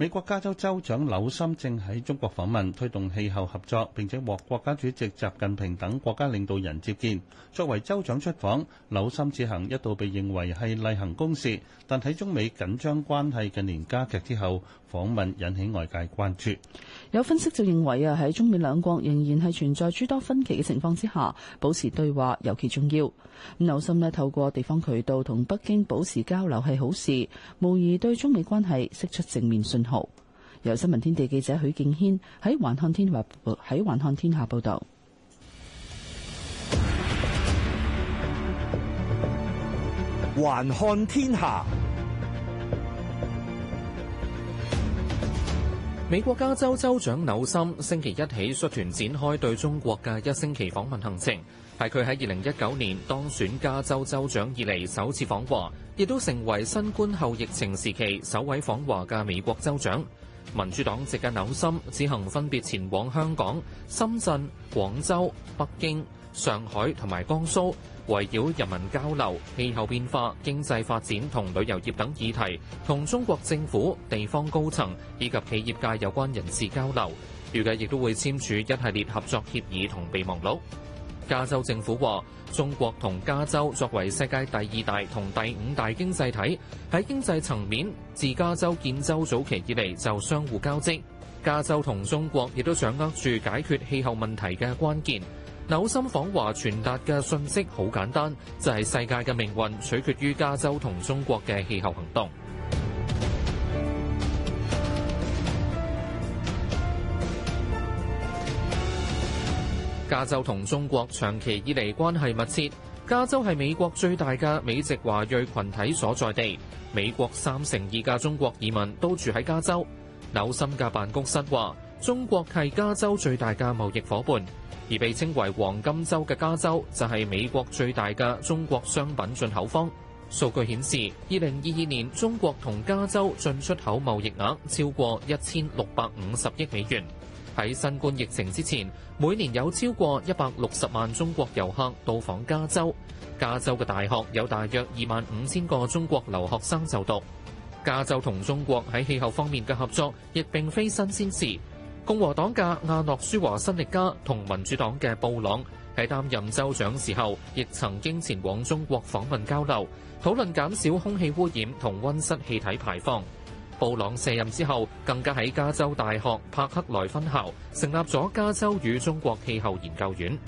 美國加州州長紐森正喺中國訪問，推動氣候合作，並且獲國家主席習近平等國家領導人接見。作為州長出訪，紐森此行一度被認為係例行公事，但喺中美緊張關係近年加劇之後，訪問引起外界關注。有分析就認為啊，喺中美兩國仍然係存在諸多分歧嘅情況之下，保持對話尤其重要。紐森啊透過地方渠道同北京保持交流係好事，無疑對中美關係釋出正面訊號由新聞天地記者許敬軒喺環看天下報喺環看天下報道。環看天下，美國加州州長紐森星期一起率團展開對中國嘅一星期訪問行程。係佢喺二零一九年當選加州州長以嚟首次訪華，亦都成為新冠後疫情時期首位訪華嘅美國州長。民主黨籍嘅紐森，之行分別前往香港、深圳、廣州、北京、上海同埋江蘇，圍繞人民交流、氣候變化、經濟發展同旅遊業等議題，同中國政府、地方高層以及企業界有關人士交流。預計亦都會簽署一系列合作協議同備忘錄。加州政府話中國同加州作為世界第二大同第五大經濟體，喺經濟層面自加州建州早期以嚟就相互交織，加州同中國亦都掌握住解決氣候問題嘅關鍵，紐森訪華傳達嘅信息好簡單，就係、是、世界嘅命運取決於加州同中國嘅氣候行動。加州同中國長期以嚟關係密切，加州係美國最大嘅美籍華裔群體所在地，美國三成二嘅中國移民都住喺加州。紐森嘅辦公室話，中國係加州最大嘅貿易伙伴，而被稱為黃金州嘅加州就係美國最大嘅中國商品進口方。數據顯示，二零二二年中國同加州進出口貿易額超過一千六百五十億美元。喺新冠疫情之前，每年有超過一百六十萬中國遊客到訪加州。加州嘅大學有大約二萬五千個中國留學生就讀。加州同中國喺氣候方面嘅合作亦並非新鮮事。共和黨嘅亞諾舒華辛力加同民主黨嘅布朗喺擔任州長時候，亦曾經前往中國訪問交流，討論減少空氣污染同溫室氣體排放。布朗卸任之後，更加喺加州大學柏克萊分校成立咗加州與中國氣候研究院。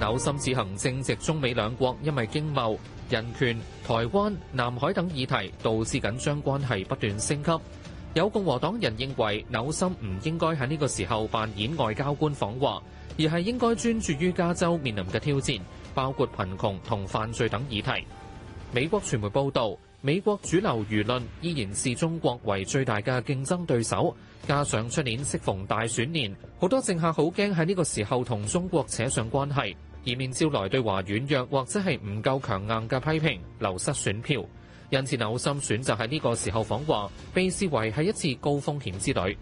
紐森此行正值中美兩國因為經貿、人權、台灣、南海等議題導致緊張關係不斷升級。有共和黨人認為，紐森唔應該喺呢個時候扮演外交官訪華，訪華而係應該專注於加州面臨嘅挑戰。包括貧窮同犯罪等議題。美國傳媒報導，美國主流輿論依然視中國為最大嘅競爭對手。加上出年適逢大選年，好多政客好驚喺呢個時候同中國扯上關係，以免招來對華軟弱或者係唔夠強硬嘅批評，流失選票。因此，紐森選擇喺呢個時候訪華，被視為係一次高風險之旅。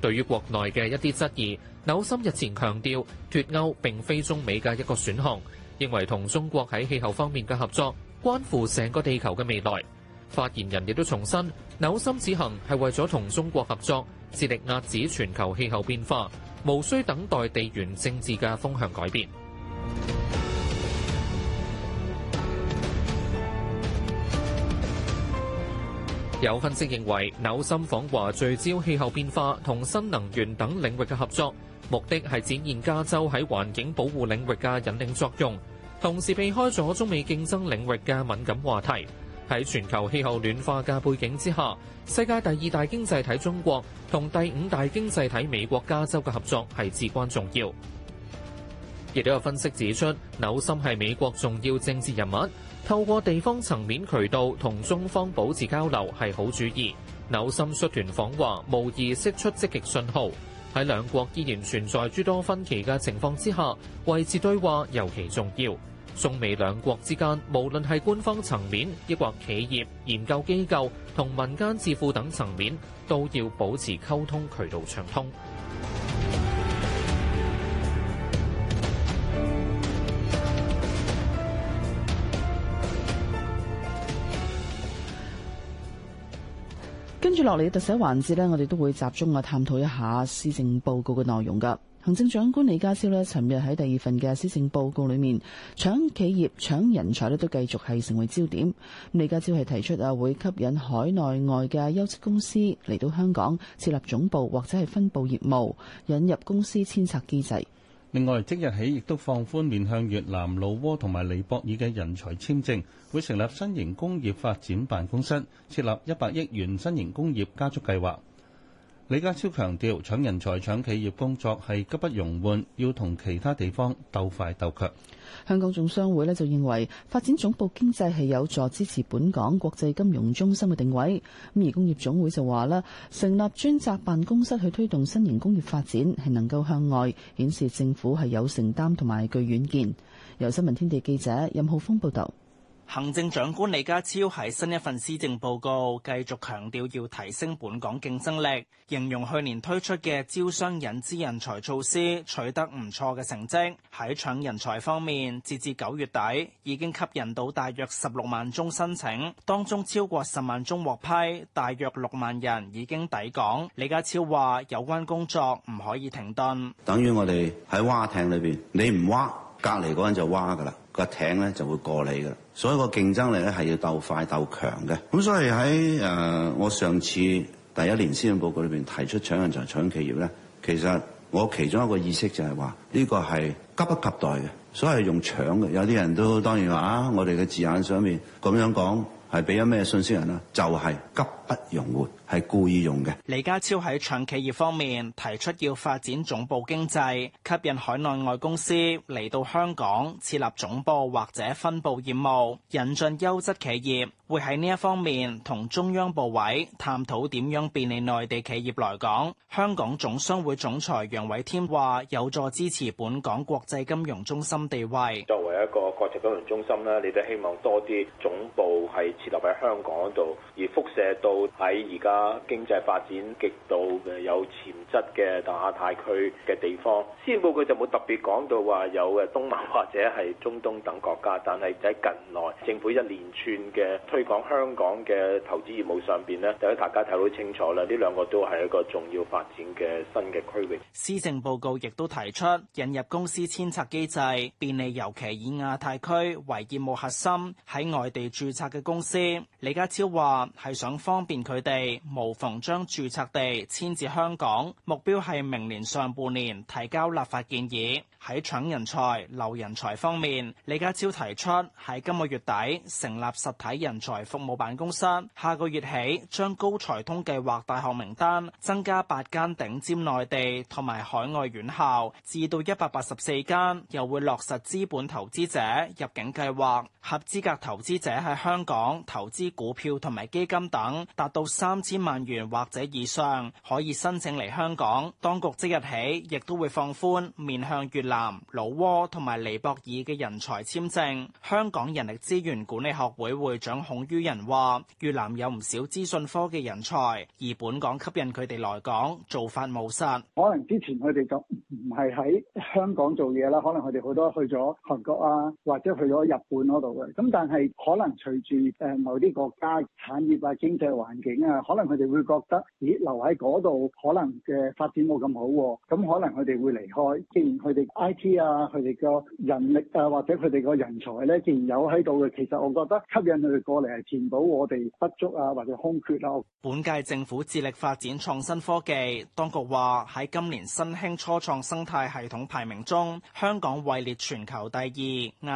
對於國內嘅一啲質疑。紐森日前強調，脫歐並非中美嘅一個選項，認為同中國喺氣候方面嘅合作，關乎成個地球嘅未來。發言人亦都重申，紐森此行係為咗同中國合作，致力壓止全球氣候變化，無需等待地緣政治嘅風向改變。 有分析認為，紐森訪華聚焦氣候變化同新能源等領域嘅合作。目的係展現加州喺環境保護領域嘅引領作用，同時避開咗中美競爭領域嘅敏感話題。喺全球氣候暖化嘅背景之下，世界第二大經濟體中國同第五大經濟體美國加州嘅合作係至關重要。亦都有分析指出，紐森係美國重要政治人物，透過地方層面渠道同中方保持交流係好主意。紐森率團訪華，無疑釋出積極信號。喺兩國依然存在諸多分歧嘅情況之下，維持對話尤其重要。中美兩國之間，無論係官方層面，抑或企業、研究機構同民間智庫等層面，都要保持溝通渠道暢通。跟住落嚟嘅特寫環節呢，我哋都會集中啊探討一下施政報告嘅內容噶。行政長官李家超呢，尋日喺第二份嘅施政報告裏面，搶企業、搶人才咧都繼續係成為焦點。李家超係提出啊，會吸引海內外嘅優質公司嚟到香港設立總部或者係分部業務，引入公司遷冊機制。另外，即日起亦都放寬面向越南、老撾同埋尼泊爾嘅人才簽證，會成立新型工業發展辦公室，設立一百億元新型工業加速計劃。李家超強調，搶人才、搶企業工作係急不容緩，要同其他地方鬥快鬥強。香港總商會咧，就認為，發展總部經濟係有助支持本港國際金融中心嘅定位。咁而工業總會就話啦，成立專責辦公室去推動新型工業發展，係能夠向外顯示政府係有承擔同埋具遠見。由新聞天地記者任浩峰報道。行政長官李家超喺新一份施政報告繼續強調，要提升本港競爭力，形容去年推出嘅招商引資人才措施取得唔錯嘅成績。喺搶人才方面，截至九月底已經吸引到大約十六萬宗申請，當中超過十萬宗獲批，大約六萬人已經抵港。李家超話：有關工作唔可以停頓，等於我哋喺划艇裏邊，你唔划，隔離嗰人就划㗎喇，個艇呢就會過嚟㗎喇。所以個競爭力咧係要鬥快鬥強嘅，咁所以喺、呃、我上次第一年施政報告裏邊提出搶人才、搶企業咧，其實我其中一個意識就係話呢個係急不及待嘅，所以係用搶嘅。有啲人都當然話啊，我哋嘅字眼上面咁樣講。係俾咗咩信息人啦？就係、是、急不容緩，係故意用嘅。李家超喺長企業方面提出要發展總部經濟，吸引海內外公司嚟到香港設立總部或者分部業務，引進優質企業。會喺呢一方面同中央部委探討點樣便利內地企業來港。香港總商會總裁楊偉添話：有助支持本港國際金融中心地位。作為一個國際金融中心呢，你都希望多啲總部係設立喺香港度，而輻射到喺而家經濟發展極度嘅有潛質嘅亞太區嘅地方。施政報告就冇特別講到話有誒東盟或者係中東等國家，但係喺近來政府一連串嘅推廣香港嘅投資業務上邊咧，就喺大家睇到清楚啦。呢兩個都係一個重要發展嘅新嘅區域。施政報告亦都提出引入公司遷冊機制，便利尤其以亞太區為業務核心喺外地註冊嘅公司。李家超話係想方便佢哋，無妨將注冊地遷至香港，目標係明年上半年提交立法建議。喺搶人才、留人才方面，李家超提出喺今個月底成立實體人才服務辦公室，下個月起將高才通計劃大學名單增加八間頂尖內地同埋海外院校，至到一百八十四間，又會落實資本投資者入境計劃，合資格投資者喺香港。投資股票同埋基金等達到三千萬元或者以上，可以申請嚟香港。當局即日起亦都會放寬面向越南、老撾同埋尼泊爾嘅人才簽證。香港人力資源管理學會會長孔于仁話，越南有唔少資訊科嘅人才，而本港吸引佢哋來港做法務實。可能之前佢哋就唔係喺香港做嘢啦，可能佢哋好多去咗韓國啊，或者去咗日本嗰度嘅。咁但係可能隨住。誒某啲國家產業啊、經濟環境啊，可能佢哋會覺得，咦，留喺嗰度可能嘅發展冇咁好，咁可能佢哋會離開。既然佢哋 I.T. 啊，佢哋個人力啊，或者佢哋個人才咧，既然有喺度嘅，其實我覺得吸引佢哋過嚟係填補我哋不足啊，或者空缺啦啊。本屆政府致力發展創新科技，當局話喺今年新興初創生態系統排名中，香港位列全球第二、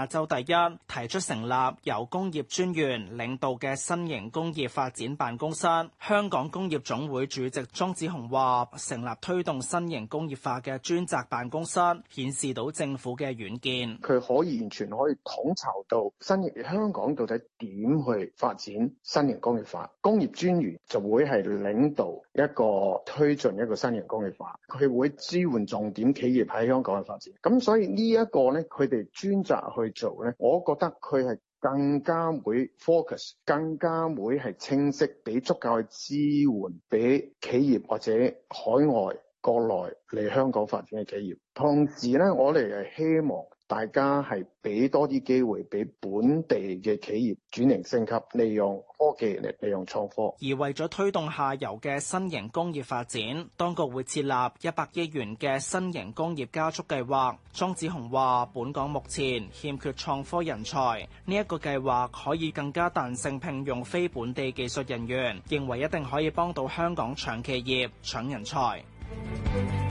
亞洲第一，提出成立由工業專員。領導嘅新型工業發展辦公室，香港工業總會主席莊子雄話：，成立推動新型工業化嘅專責辦公室，顯示到政府嘅遠見。佢可以完全可以統籌到新型，香港到底點去發展新型工業化？工業專員就會係領導一個推進一個新型工業化，佢會支援重點企業喺香港嘅發展。咁所以呢一個呢，佢哋專責去做呢，我覺得佢係。更加會 focus，更加會係清晰，俾足夠嘅支援俾企業或者海外、國內嚟香港發展嘅企業。同時呢，我哋係希望。大家係俾多啲機會俾本地嘅企業轉型升級，利用科技嚟利用創科。而為咗推動下游嘅新型工業發展，當局會設立一百億元嘅新型工業加速計劃。莊子雄話：本港目前欠缺創科人才，呢一個計劃可以更加彈性聘用非本地技術人員，認為一定可以幫到香港長期業搶人才。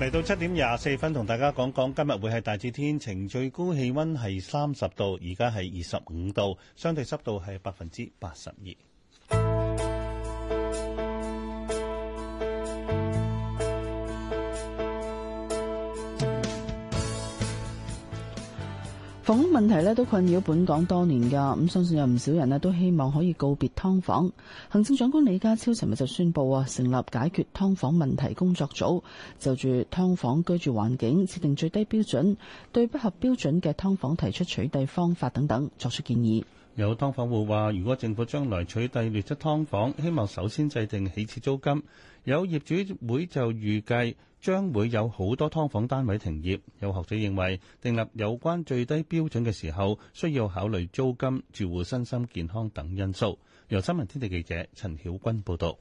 嚟到七點廿四分，同大家講講今日會係大致天晴，最高氣溫係三十度，而家係二十五度，相對濕度係百分之八十二。房屋問題咧都困擾本港多年㗎，咁相信有唔少人咧都希望可以告別劏房。行政長官李家超尋日就宣布啊，成立解決劏房問題工作組，就住劏房居住環境設定最低標準，對不合標準嘅劏房提出取締方法等等作出建議。有劏房戶話：如果政府將來取締劣質劏房，希望首先制定起始租金。有業主會就預計，將會有好多劏房單位停業。有學者認為，訂立有關最低標準嘅時候，需要考慮租金、住戶身心健康等因素。由新聞天地記者陳曉君報道。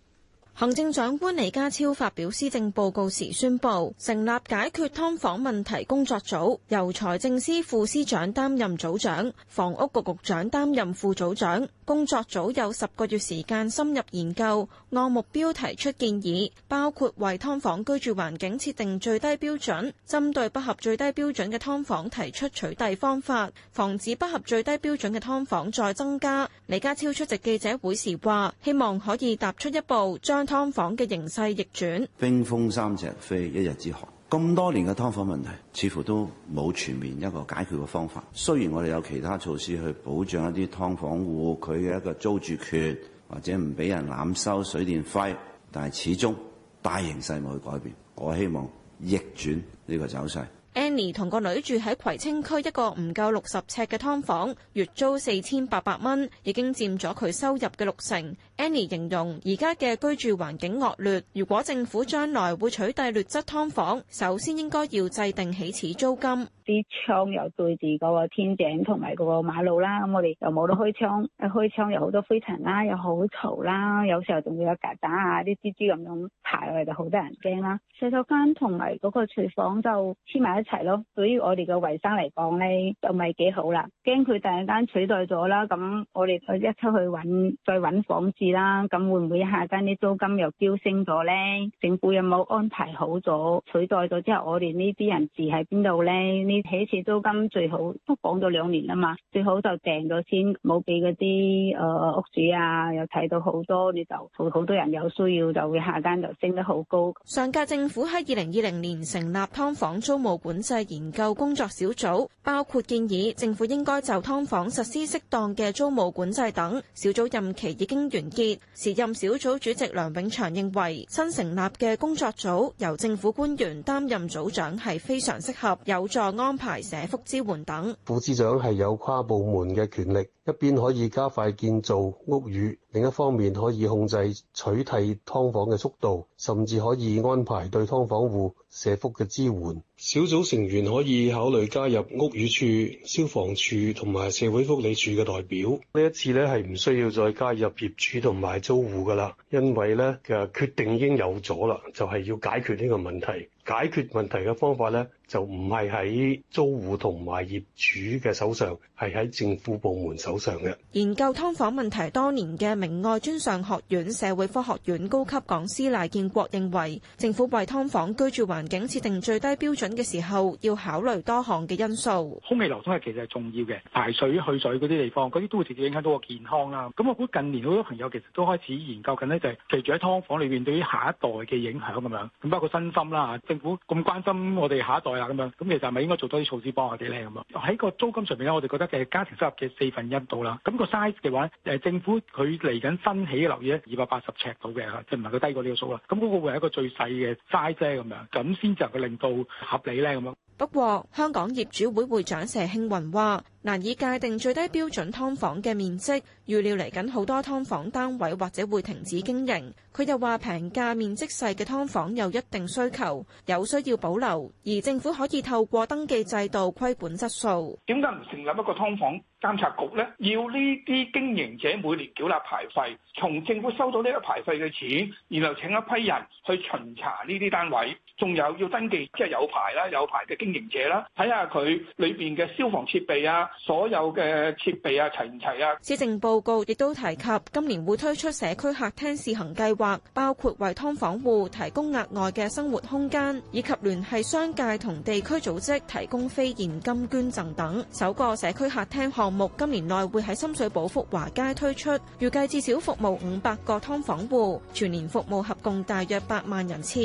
行政長官李家超發表施政報告時，宣布成立解決劏房問題工作組，由財政司副司長擔任組長，房屋局局長擔任副組長。工作組有十個月時間深入研究，按目標提出建議，包括為劏房居住環境設定最低標準，針對不合最低標準嘅劏房提出取締方法，防止不合最低標準嘅劏房再增加。李家超出席記者會時話希望可以踏出一步，將劏房嘅形勢逆轉。冰封三尺非一日之寒。咁多年嘅㓥房問題似乎都冇全面一個解決嘅方法。雖然我哋有其他措施去保障一啲劏房戶佢嘅一個租住權或者唔俾人濫收水電費，但係始終大形勢冇去改變，我希望逆轉呢個走勢。Annie 同個女住喺葵青區一個唔夠六十尺嘅劏房，月租四千八百蚊，已經佔咗佢收入嘅六成。Annie 形容而家嘅居住環境惡劣，如果政府將來會取締劣質劏房，首先應該要制定起始租金。啲窗又對住個天井同埋個馬路啦，咁我哋又冇得開窗，一開窗又好多灰塵啦，又好嘈啦，有時候仲會有曱甴啊、啲蜘蛛咁樣爬落嚟就好多人驚啦。洗手間同埋嗰個廚房就黐埋齊咯，對於我哋嘅衛生嚟講咧，就唔係幾好啦。驚佢突然間取代咗啦，咁我哋一出去揾再揾房住啦，咁會唔會一下間啲租金又飆升咗咧？政府有冇安排好咗取代咗之後，我哋呢啲人住喺邊度咧？呢起始租金最好都講咗兩年啦嘛，最好就訂咗先，冇俾嗰啲誒屋主啊，又睇到好多，你就好好多人有需要就會下間就升得好高。上屆政府喺二零二零年成立劏房租務管。管制研究工作小組包括建議政府應該就劏房實施適當嘅租務管制等。小組任期已經完結，時任小組主席梁永祥認為新成立嘅工作組由政府官員擔任組長係非常適合，有助安排社福支援等。副司長係有跨部門嘅權力，一邊可以加快建造屋宇。另一方面，可以控制取締劏房嘅速度，甚至可以安排對劏房戶社福嘅支援。小組成員可以考慮加入屋宇署消防處同埋社會福利署嘅代表。呢一次咧，係唔需要再加入業主同埋租戶噶啦，因為咧嘅決定已經有咗啦，就係、是、要解決呢個問題，解決問題嘅方法咧。就唔係喺租戶同埋業主嘅手上，係喺政府部門手上嘅。研究劏房問題多年嘅明愛專上學院社會科學院高級講師賴建國認為，政府為劏房居住環境設定最低標準嘅時候，要考慮多項嘅因素。空氣流通係其實係重要嘅，排水、去水嗰啲地方，嗰啲都會直接影響到個健康啦。咁我估近年好多朋友其實都開始研究緊、就、咧、是，就係居住喺劏房裏邊對於下一代嘅影響咁樣，咁包括身心啦。政府咁關心我哋下一代。啊咁樣，咁其實係咪應該做多啲措施幫我哋咧？咁樣喺個租金上邊咧，我哋覺得嘅家庭收入嘅四分一度啦。咁個 size 嘅話，誒政府佢嚟緊新起嘅樓宇二百八十尺度嘅嚇，即唔能夠低過呢個數啦。咁嗰個會係一個最細嘅 size 啫，咁樣咁先至能夠令到合理咧。咁樣不過，香港業主會會長謝慶雲話。難以界定最低標準劏房嘅面積，預料嚟緊好多劏房單位或者會停止經營，佢又話平價面積細嘅劏房有一定需求，有需要保留，而政府可以透過登記制度規管質素。點解唔成立一個劏房監察局咧？要呢啲經營者每年繳納牌費，從政府收到呢個牌費嘅錢，然後請一批人去巡查呢啲單位，仲有要登記即係有牌啦，有牌嘅經營者啦，睇下佢裏邊嘅消防設備啊。所有嘅設備啊，齊唔齊啊？施政報告亦都提及，今年會推出社區客廳試行計劃，包括為劏房戶提供額外嘅生活空間，以及聯繫商界同地區組織提供非現金捐贈等。首個社區客廳項目今年內會喺深水埗福華街推出，預計至少服務五百個劏房戶，全年服務合共大約百萬人次。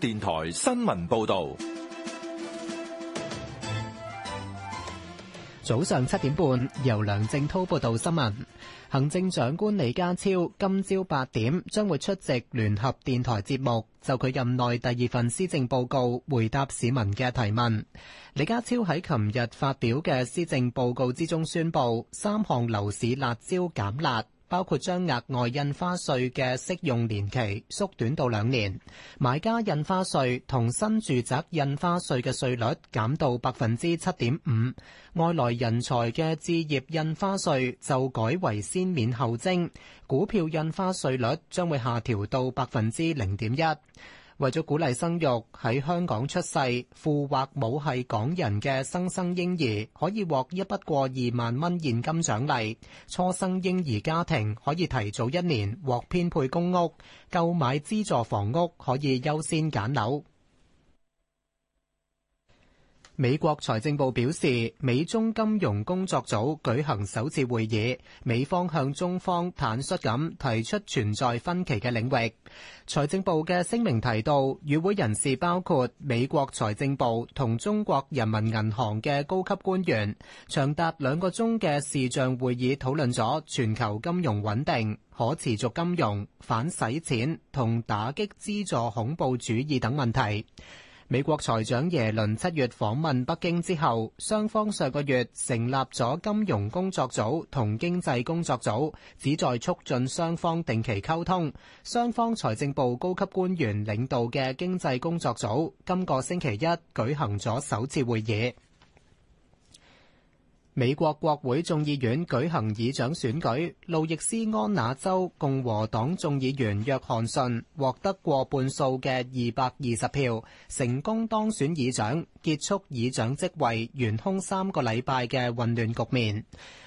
電台新聞報道，早上七點半由梁正滔報道新聞。行政長官李家超今朝八點將會出席聯合電台節目，就佢任內第二份施政報告回答市民嘅提問。李家超喺琴日發表嘅施政報告之中宣布三項樓市辣招減辣。包括將額外印花稅嘅適用年期縮短到兩年，買家印花稅同新住宅印花稅嘅稅率減到百分之七點五，外來人才嘅置業印花稅就改為先免後徵，股票印花稅率將會下調到百分之零點一。為咗鼓勵生育，喺香港出世、父或母係港人嘅新生嬰兒，可以獲一筆過二萬蚊現金獎勵；初生嬰兒家庭可以提早一年獲編配公屋，購買資助房屋可以優先揀樓。美國財政部表示，美中金融工作組舉行首次會議，美方向中方坦率咁提出存在分歧嘅領域。財政部嘅聲明提到，與會人士包括美國財政部同中國人民銀行嘅高級官員，長達兩個鐘嘅視像會議討論咗全球金融穩定、可持續金融、反洗錢同打擊資助恐怖主義等問題。美國財長耶倫七月訪問北京之後，雙方上個月成立咗金融工作組同經濟工作組，旨在促進雙方定期溝通。雙方財政部高級官員領導嘅經濟工作組今個星期一舉行咗首次會議。美國國會眾議院舉行議長選舉，路易斯安那州共和黨眾議員約翰遜獲得過半數嘅二百二十票，成功當選議長。結束議長職位懸空三個禮拜嘅混亂局面。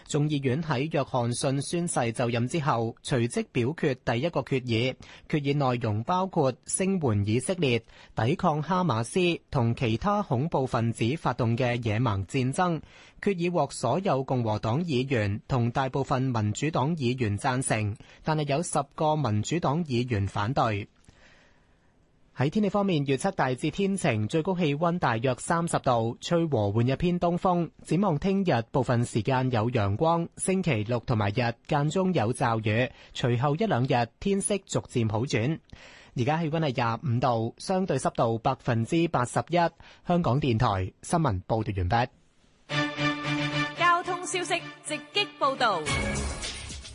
眾議院喺約翰遜宣誓就任之後，隨即表決第一個決議。決議內容包括聲援以色列、抵抗哈馬斯同其他恐怖分子發動嘅野蠻戰爭。決議獲所有共和黨議員同大部分民主黨議員贊成，但係有十個民主黨議員反對。喺天氣方面，預測大致天晴，最高氣溫大約三十度，吹和緩一偏東風。展望聽日部分時間有陽光，星期六同埋日間中有驟雨，隨後一兩日天色逐漸好轉。而家氣溫係廿五度，相對濕度百分之八十一。香港電台新聞報道完畢。交通消息直擊報道。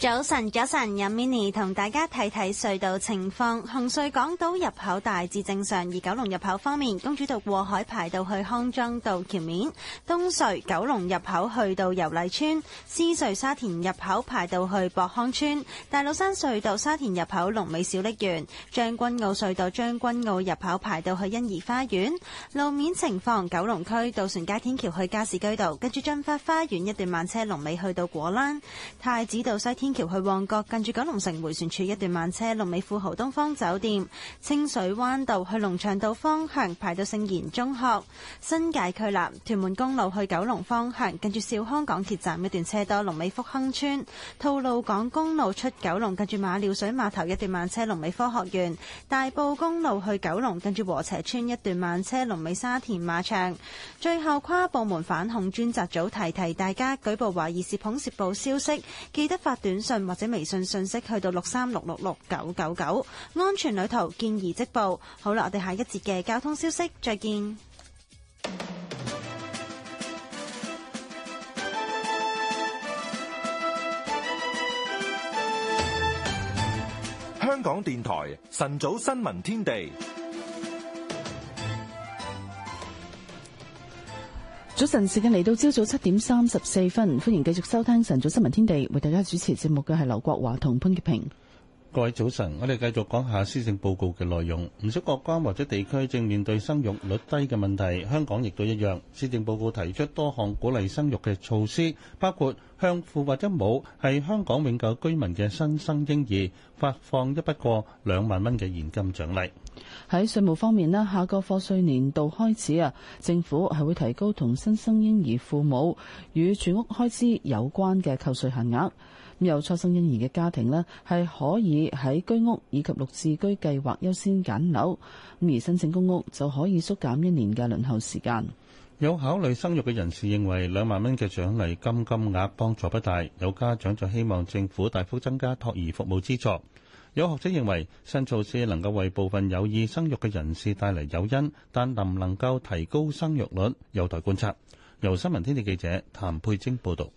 早晨，早晨，任 Minnie 同大家睇睇隧道情況，紅隧港島入口大致正常，而九龍入口方面，公主道過海排到去康莊道橋面；東隧九龍入口去到油麗邨；獅隧沙田入口排到去博康邨；大老山隧道沙田入口龍尾小瀝源，將軍澳隧道將軍澳入口排到去欣怡花園，路面情況九龍區渡船街天橋去加士居道，跟住進發花園一段慢車龍尾去到果欄太子道西天橋 去旺角，近住九龍城回旋處一段慢車；龍尾富豪東方酒店，清水灣道去龍翔道方向排到聖言中學；新界區立屯門公路去九龍方向，近住兆康港鐵站一段車多；龍尾福亨村，吐露港公路出九龍，近住馬料水碼頭一段慢車；龍尾科學園，大埔公路去九龍，近住禾輋邨一段慢車；龍尾沙田馬場。最後跨部門反恐專責組提提大家，舉報懷疑是捧攝報消息，記得發短。信或者微信信息去到六三六六六九九九，安全旅途，見義即報。好啦，我哋下一節嘅交通消息，再見。香港電台晨早新聞天地。早晨，時間嚟到朝早七點三十四分，歡迎繼續收聽晨早新聞天地，為大家主持節目嘅係劉國華同潘潔平。各位早晨，我哋繼續講下施政報告嘅內容。唔少國家或者地區正面對生育率低嘅問題，香港亦都一樣。施政報告提出多項鼓勵生育嘅措施，包括向父或者母，係香港永久居民嘅新生嬰兒，發放一筆過兩萬蚊嘅現金獎勵。喺稅務方面呢，下個課稅年度開始啊，政府係會提高同新生嬰兒父母與住屋開支有關嘅扣稅限額。有初生嬰兒嘅家庭呢，係可以喺居屋以及綠置居計劃優先揀樓，咁而申請公屋就可以縮減一年嘅輪候時間。有考慮生育嘅人士認為，兩萬蚊嘅獎勵金金金額幫助不大。有家長就希望政府大幅增加托兒服務資助。有學者認為，新措施能夠為部分有意生育嘅人士帶嚟誘因，但能唔能夠提高生育率，有待觀察。由新聞天地記者譚佩晶報導。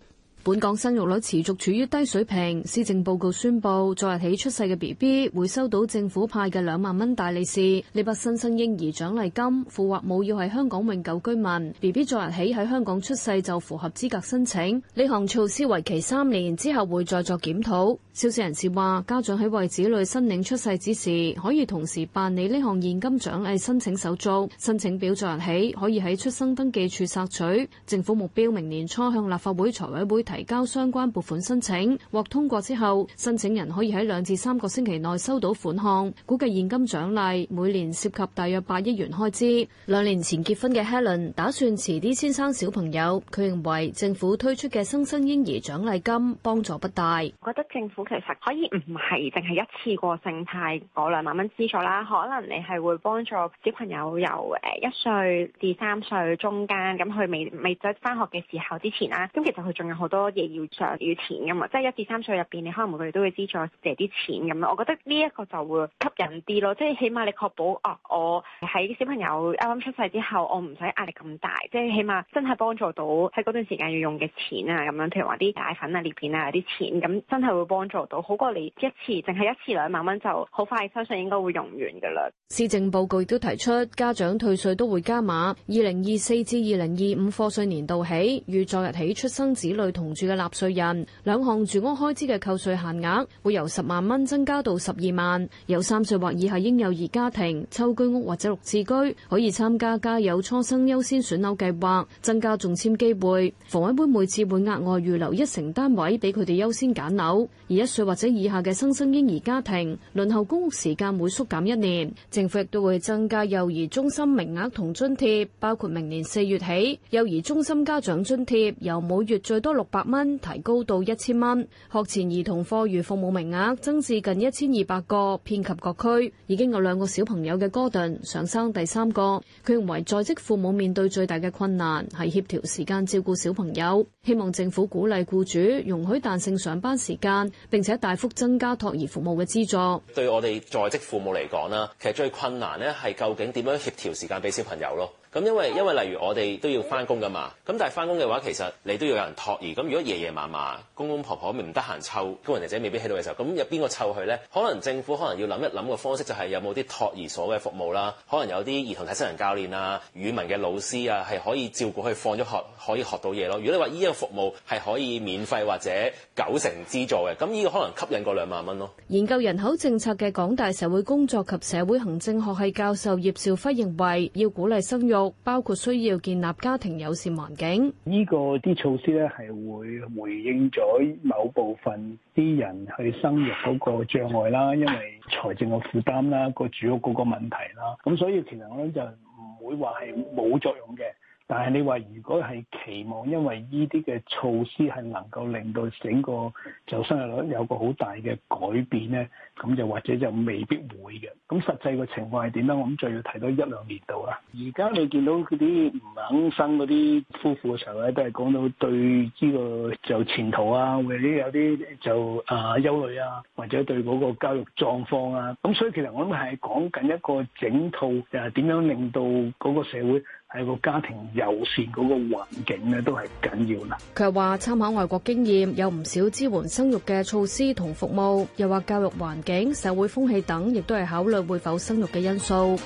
本港生育率持續處於低水平，施政報告宣布，昨日起出世嘅 B B 會收到政府派嘅兩萬蚊大利是，呢筆新生嬰兒獎勵金，父或母要喺香港永久居民，B B 昨日起喺香港出世就符合資格申請。呢項措施為期三年，之後會再作檢討。消息人士話，家長喺為子女申領出世之時，可以同時辦理呢項現金獎勵申請手續，申請表昨日起可以喺出生登記處索取。政府目標明年初向立法會財委會提。提交相關撥款申請，獲通過之後，申請人可以喺兩至三個星期內收到款項。估計現金獎勵每年涉及大約八億元開支。兩年前結婚嘅 Helen 打算遲啲先生小朋友，佢認為政府推出嘅新生嬰兒獎勵金幫助不大。我覺得政府其實可以唔係淨係一次過性態嗰兩萬蚊資助啦，可能你係會幫助小朋友由誒一歲至三歲中間咁佢未未再返學嘅時候之前啦，咁其實佢仲有好多。多嘢要著要錢，噶嘛，即係一至三歲入邊，你可能佢哋都會資助借啲錢，咁樣。我覺得呢一個就會吸引啲咯，即係起碼你確保啊，我喺小朋友啱啱出世之後，我唔使壓力咁大，即係起碼真係幫助到喺嗰段時間要用嘅錢啊，咁樣譬如話啲奶粉啊、尿片啊啲錢，咁真係會幫助到，好過你一次淨係一次兩萬蚊，就好快相信應該會用完噶啦。施政報告亦都提出，家長退稅都會加碼，二零二四至二零二五課稅年度起，預昨日起出生子女同。同住嘅納稅人兩項住屋開支嘅扣稅限額會由十萬蚊增加到十二萬。有三歲或以下嬰幼兒家庭、抽居屋或者綠置居可以參加家有初生優先選樓計劃，增加中簽機會。房委會每次會額外預留一成單位俾佢哋優先揀樓。而一歲或者以下嘅新生,生嬰兒家庭，輪候公屋時間會縮減一年。政府亦都會增加幼兒中心名額同津貼，包括明年四月起，幼兒中心家長津貼由每月最多六。百蚊提高到一千蚊，學前兒童課餘服務名額增至近一千二百個，遍及各區。已經有兩個小朋友嘅哥頓，想生第三個。佢認為在職父母面對最大嘅困難係協調時間照顧小朋友，希望政府鼓勵僱主容許彈性上班時間，並且大幅增加托兒服務嘅資助。對我哋在職父母嚟講呢，其實最困難呢係究竟點樣協調時間俾小朋友咯。咁因為因為例如我哋都要翻工噶嘛，咁但係翻工嘅話其實你都要有人托兒，咁如果爺爺嫲嫲、公公婆婆唔得閒湊，工人姐姐未必喺度嘅時候，咁有邊個湊佢咧？可能政府可能要諗一諗嘅方式，就係有冇啲托兒所嘅服務啦，可能有啲兒童體適能教練啊、語文嘅老師啊，係可以照顧佢放咗學可以學到嘢咯。如果你話依個服務係可以免費或者九成資助嘅，咁呢個可能吸引過兩萬蚊咯。研究人口政策嘅港大社會工作及社會行政學系教授葉兆輝認為要鼓勵生育。包括需要建立家庭友善環境，呢個啲措施咧係會回應咗某部分啲人去生育嗰個障礙啦，因為財政嘅負擔啦，個住屋嗰個問題啦，咁所以其實我咧就唔會話係冇作用嘅。但係你話，如果係期望，因為呢啲嘅措施係能夠令到整個就生育率有個好大嘅改變咧，咁就或者就未必會嘅。咁實際個情況係點咧？我諗就要提到一兩年度啦。而家你見到嗰啲唔肯生嗰啲夫婦嘅時候咧，都係講到對呢個就前途啊，或者有啲就啊、呃、憂慮啊，或者對嗰個教育狀況啊。咁所以其實我諗係講緊一個整套，就係點樣令到嗰個社會。喺個家庭友善嗰個環境咧，都係緊要啦。佢話參考外國經驗，有唔少支援生育嘅措施同服務，又話教育環境、社會風氣等，亦都係考慮會否生育嘅因素。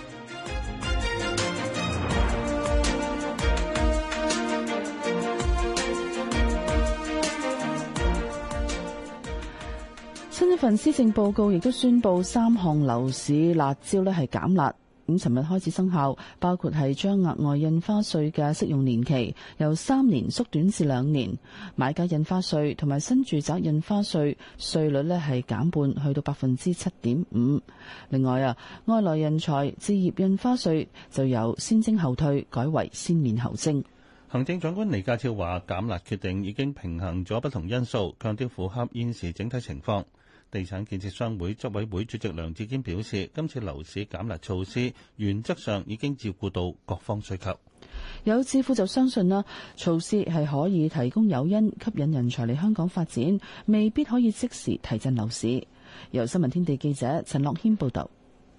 新一份施政報告亦都宣布三項樓市辣招咧係減辣。咁尋日開始生效，包括係將額外印花稅嘅適用年期由三年縮短至兩年，買家印花稅同埋新住宅印花稅稅率呢係減半，去到百分之七點五。另外啊，外來人才置業印花稅就由先徵後退改為先免後徵。行政長官李家超話：減辣決定已經平衡咗不同因素，強調符合現時整體情況。地產建設商會執委會主席梁志堅表示，今次樓市減壓措施，原則上已經照顧到各方需求。有智庫就相信啦，措施係可以提供誘因吸引人才嚟香港發展，未必可以即時提振樓市。由新聞天地記者陳樂軒報道。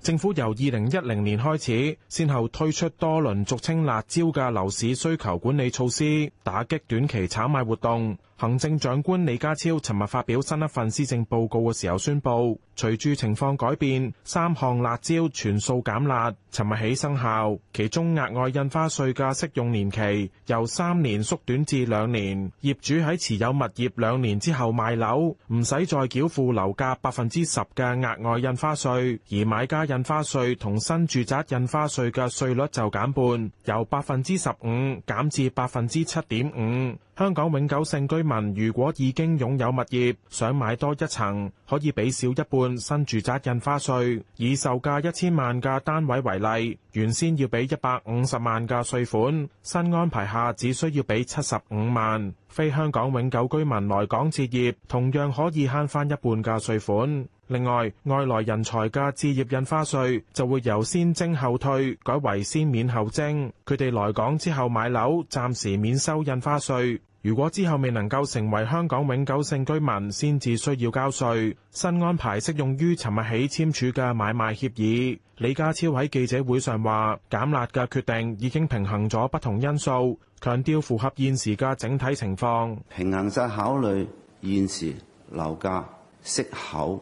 政府由二零一零年開始，先後推出多輪俗稱辣招嘅樓市需求管理措施，打擊短期炒賣活動。行政長官李家超尋日發表新一份施政報告嘅時候宣布，隨住情況改變，三項辣招全數減辣，尋日起生效。其中額外印花稅嘅適用年期由三年縮短至兩年，業主喺持有物業兩年之後賣樓，唔使再繳付樓價百分之十嘅額外印花稅，而買家印花稅同新住宅印花稅嘅稅率就減半，由百分之十五減至百分之七點五。香港永久性居民如果已經擁有物業，想買多一層，可以俾少一半新住宅印花稅。以售價一千萬嘅單位為例，原先要俾一百五十萬嘅稅款，新安排下只需要俾七十五萬。非香港永久居民來港置業，同樣可以慳翻一半嘅稅款。另外，外來人才嘅置業印花稅就會由先徵後退改為先免後徵，佢哋來港之後買樓暫時免收印花稅。如果之後未能夠成為香港永久性居民，先至需要交稅。新安排適用於尋日起簽署嘅買賣協議。李家超喺記者會上話：減辣嘅決定已經平衡咗不同因素，強調符合現時嘅整體情況。平衡就考慮現時樓價、息口、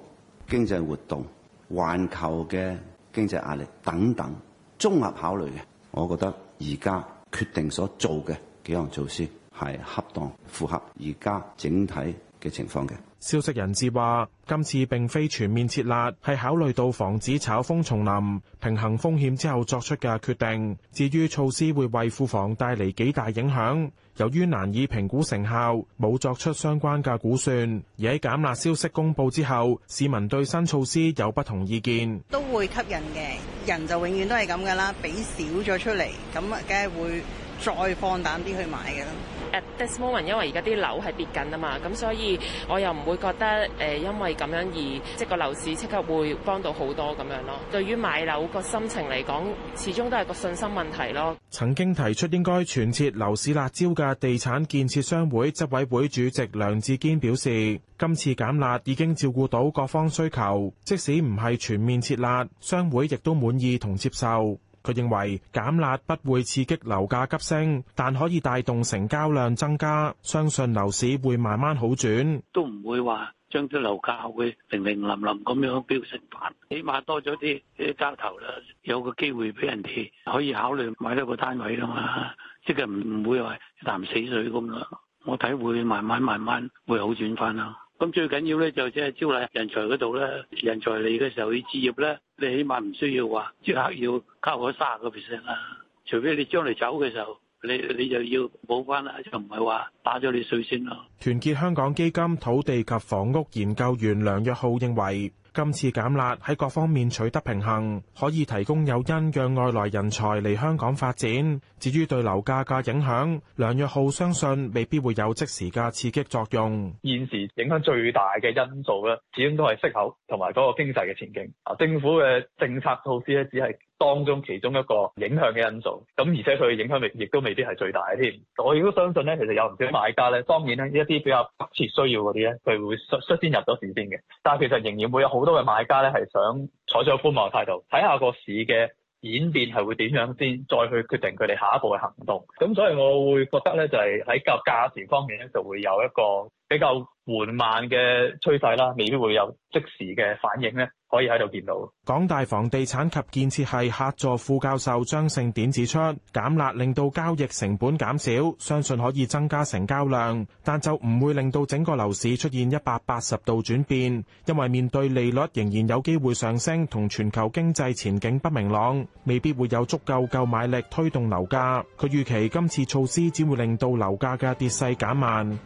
經濟活動、環球嘅經濟壓力等等綜合考慮嘅。我覺得而家決定所做嘅幾項措施。係恰當符合而家整體嘅情況嘅。消息人士話，今次並非全面撤辣，係考慮到防止炒風重臨，平衡風險之後作出嘅決定。至於措施會為庫房帶嚟幾大影響，由於難以評估成效，冇作出相關嘅估算。而喺減辣消息公布之後，市民對新措施有不同意見，都會吸引嘅人就永遠都係咁㗎啦。俾少咗出嚟，咁啊，梗係會再放膽啲去買㗎啦。At this moment, 因為而家啲樓係跌緊啊嘛，咁所以我又唔會覺得誒、呃，因為咁樣而即個樓市即刻會幫到好多咁樣咯。對於買樓個心情嚟講始終都係個信心問題咯。曾經提出應該全撤樓市辣椒嘅地產建設商會執委會主席梁志堅表示，今次減辣已經照顧到各方需求，即使唔係全面撤辣，商會亦都滿意同接受。佢認為減辣不會刺激樓價急升，但可以帶動成交量增加，相信樓市會慢慢好轉。都唔會話將啲樓價會零零冧冧咁樣飆升翻，起碼多咗啲啲交投啦，有個機會俾人哋可以考慮買多個單位啦嘛，即係唔唔會話一潭死水咁啦。我睇會慢慢慢慢會好轉翻啦。咁最緊要咧就即係招徠人才嗰度咧，人才嚟嘅時候要置業咧。你起碼唔需要話即刻要交三十個 percent 啦，除非你將嚟走嘅時候，你你就要補翻啦，就唔係話打咗你稅先囉。團結香港基金土地及房屋研究員梁約浩認為，今次減辣喺各方面取得平衡，可以提供誘因讓外來人才嚟香港發展。至於對樓價嘅影響，梁若浩相信未必會有即時嘅刺激作用。現時影響最大嘅因素咧，始終都係息口同埋嗰個經濟嘅前景。啊，政府嘅政策措施咧，只係當中其中一個影響嘅因素，咁而且佢嘅影響力亦都未必係最大嘅添。我亦都相信咧，其實有唔少買家咧，當然咧一啲比較迫切需要嗰啲咧，佢會率先先入咗市先嘅。但係其實仍然會有好多嘅買家咧，係想採取觀望態度，睇下個市嘅演變係會點樣先，再去決定佢哋下一步嘅行動。咁所以我會覺得咧，就係喺價價錢方面咧，就會有一個比較緩慢嘅趨勢啦，未必會有即時嘅反應呢可以喺度見到。港大房地產及建設系客座副教授張勝典指出，減辣令到交易成本減少，相信可以增加成交量，但就唔會令到整個樓市出現一百八十度轉變，因為面對利率仍然有機會上升，同全球經濟前景不明朗，未必會有足夠購買力推動樓價。佢預期今次措施只會令到樓價嘅跌勢減慢。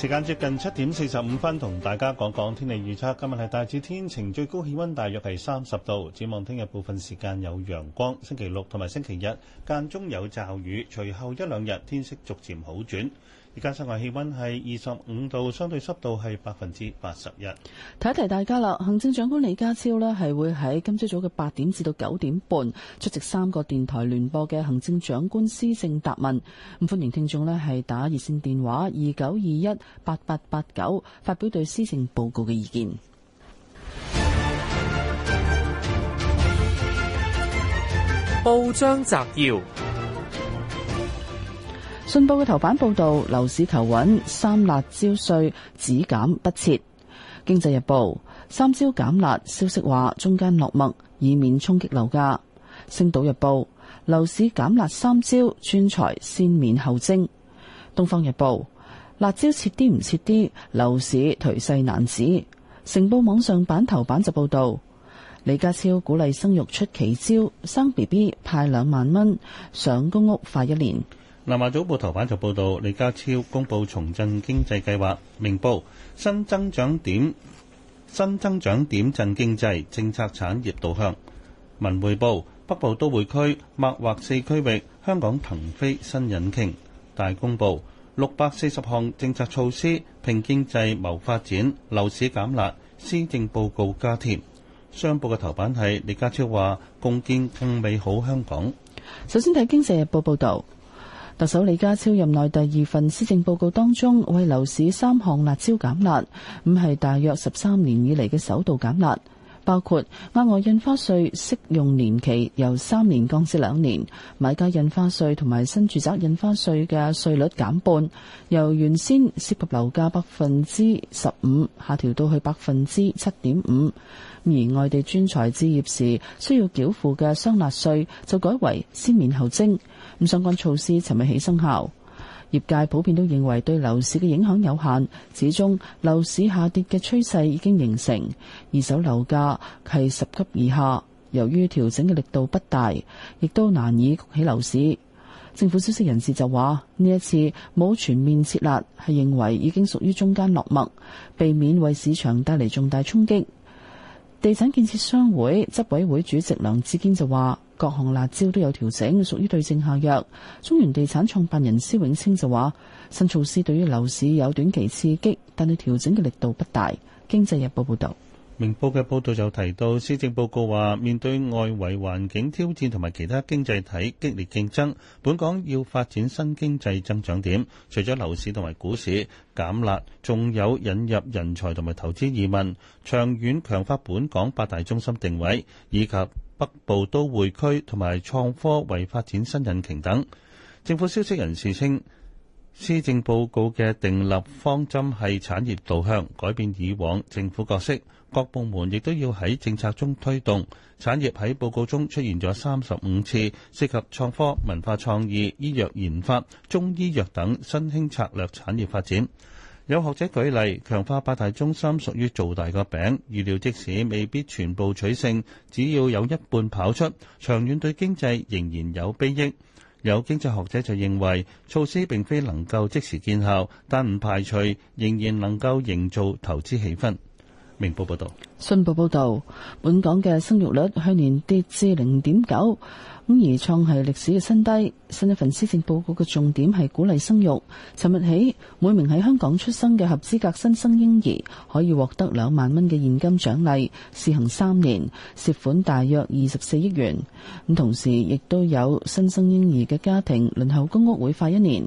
時間接近七點四十五分，同大家講講天氣預測。今日係大致天晴，最高氣溫大約係三十度。展望聽日部分時間有陽光，星期六同埋星期日間中有驟雨，隨後一兩日天色逐漸好轉。而家室外氣溫係二十五度，相對濕度係百分之八十一。提一提大家啦，行政長官李家超呢係會喺今朝早嘅八點至到九點半出席三個電台聯播嘅行政長官施政答問。咁歡迎聽眾呢係打熱線電話二九二一八八八九，發表對施政報告嘅意見。報章摘要。信報嘅頭版報道樓市求穩，三辣招稅只減不撤。經濟日報三招減辣，消息話中間落墨，以免衝擊樓價。星島日報樓市減辣三招，專才先免後徵。東方日報辣招切啲唔切啲，樓市頹勢難止。成報網上版頭版就報道李家超鼓勵生育出奇招，生 BB 派兩萬蚊，上公屋快一年。《南華早報》頭版就報道，李家超公布重振經濟計劃。明報，新增長點，新增長點振經濟政策，產業導向。文匯報，北部都會區擘劃四區域，香港騰飛新引擎。大公報，六百四十項政策措施，拼經濟謀發展，樓市減辣，施政報告加甜。商報嘅頭版係李家超話共建更美好香港。首先睇《經濟日報》報道。特首李家超任內第二份施政報告當中，為樓市三項辣椒減辣，咁係大約十三年以嚟嘅首度減辣，包括額外印花稅適用年期由三年降至兩年，買家印花稅同埋新住宅印花稅嘅稅率減半，由原先涉及樓價百分之十五下調到去百分之七點五，而外地專才置業時需要繳付嘅雙辣稅就改為先免後徵。咁相關措施尋日起生效，業界普遍都認為對樓市嘅影響有限，始終樓市下跌嘅趨勢已經形成，二手樓價係十級以下。由於調整嘅力度不大，亦都難以擱起樓市。政府消息人士就話，呢一次冇全面撤辣，係認為已經屬於中間落墨，避免為市場帶嚟重大衝擊。地產建設商會執委會主席梁志堅就話。各項辣椒都有調整，屬於對症下藥。中原地產創辦人施永青就話，新措施對於樓市有短期刺激，但係調整嘅力度不大。經濟日報報道，明報嘅報道就提到，施政報告話面對外圍環境挑戰同埋其他經濟體激烈競爭，本港要發展新經濟增長點，除咗樓市同埋股市減辣，仲有引入人才同埋投資移民，長遠強化本港八大中心定位以及。北部都會區同埋創科為發展新引擎等，政府消息人士稱，施政報告嘅訂立方針係產業導向，改變以往政府角色。各部門亦都要喺政策中推動產業。喺報告中出現咗三十五次，涉及創科、文化創意、醫藥研發、中醫藥等新興策略產業發展。有學者舉例，強化八大中心屬於做大個餅，預料即使未必全部取勝，只要有一半跑出，長遠對經濟仍然有裨益。有經濟學者就認為，措施並非能夠即時見效，但唔排除仍然能夠營造投資氣氛。明報報道，信報報道，本港嘅生育率去年跌至零點九，咁而創係歷史嘅新低。新一份施政報告嘅重點係鼓勵生育。尋日起，每名喺香港出生嘅合資格新生嬰兒可以獲得兩萬蚊嘅現金獎勵，試行三年，涉款大約二十四億元。咁同時亦都有新生嬰兒嘅家庭輪候公屋會快一年。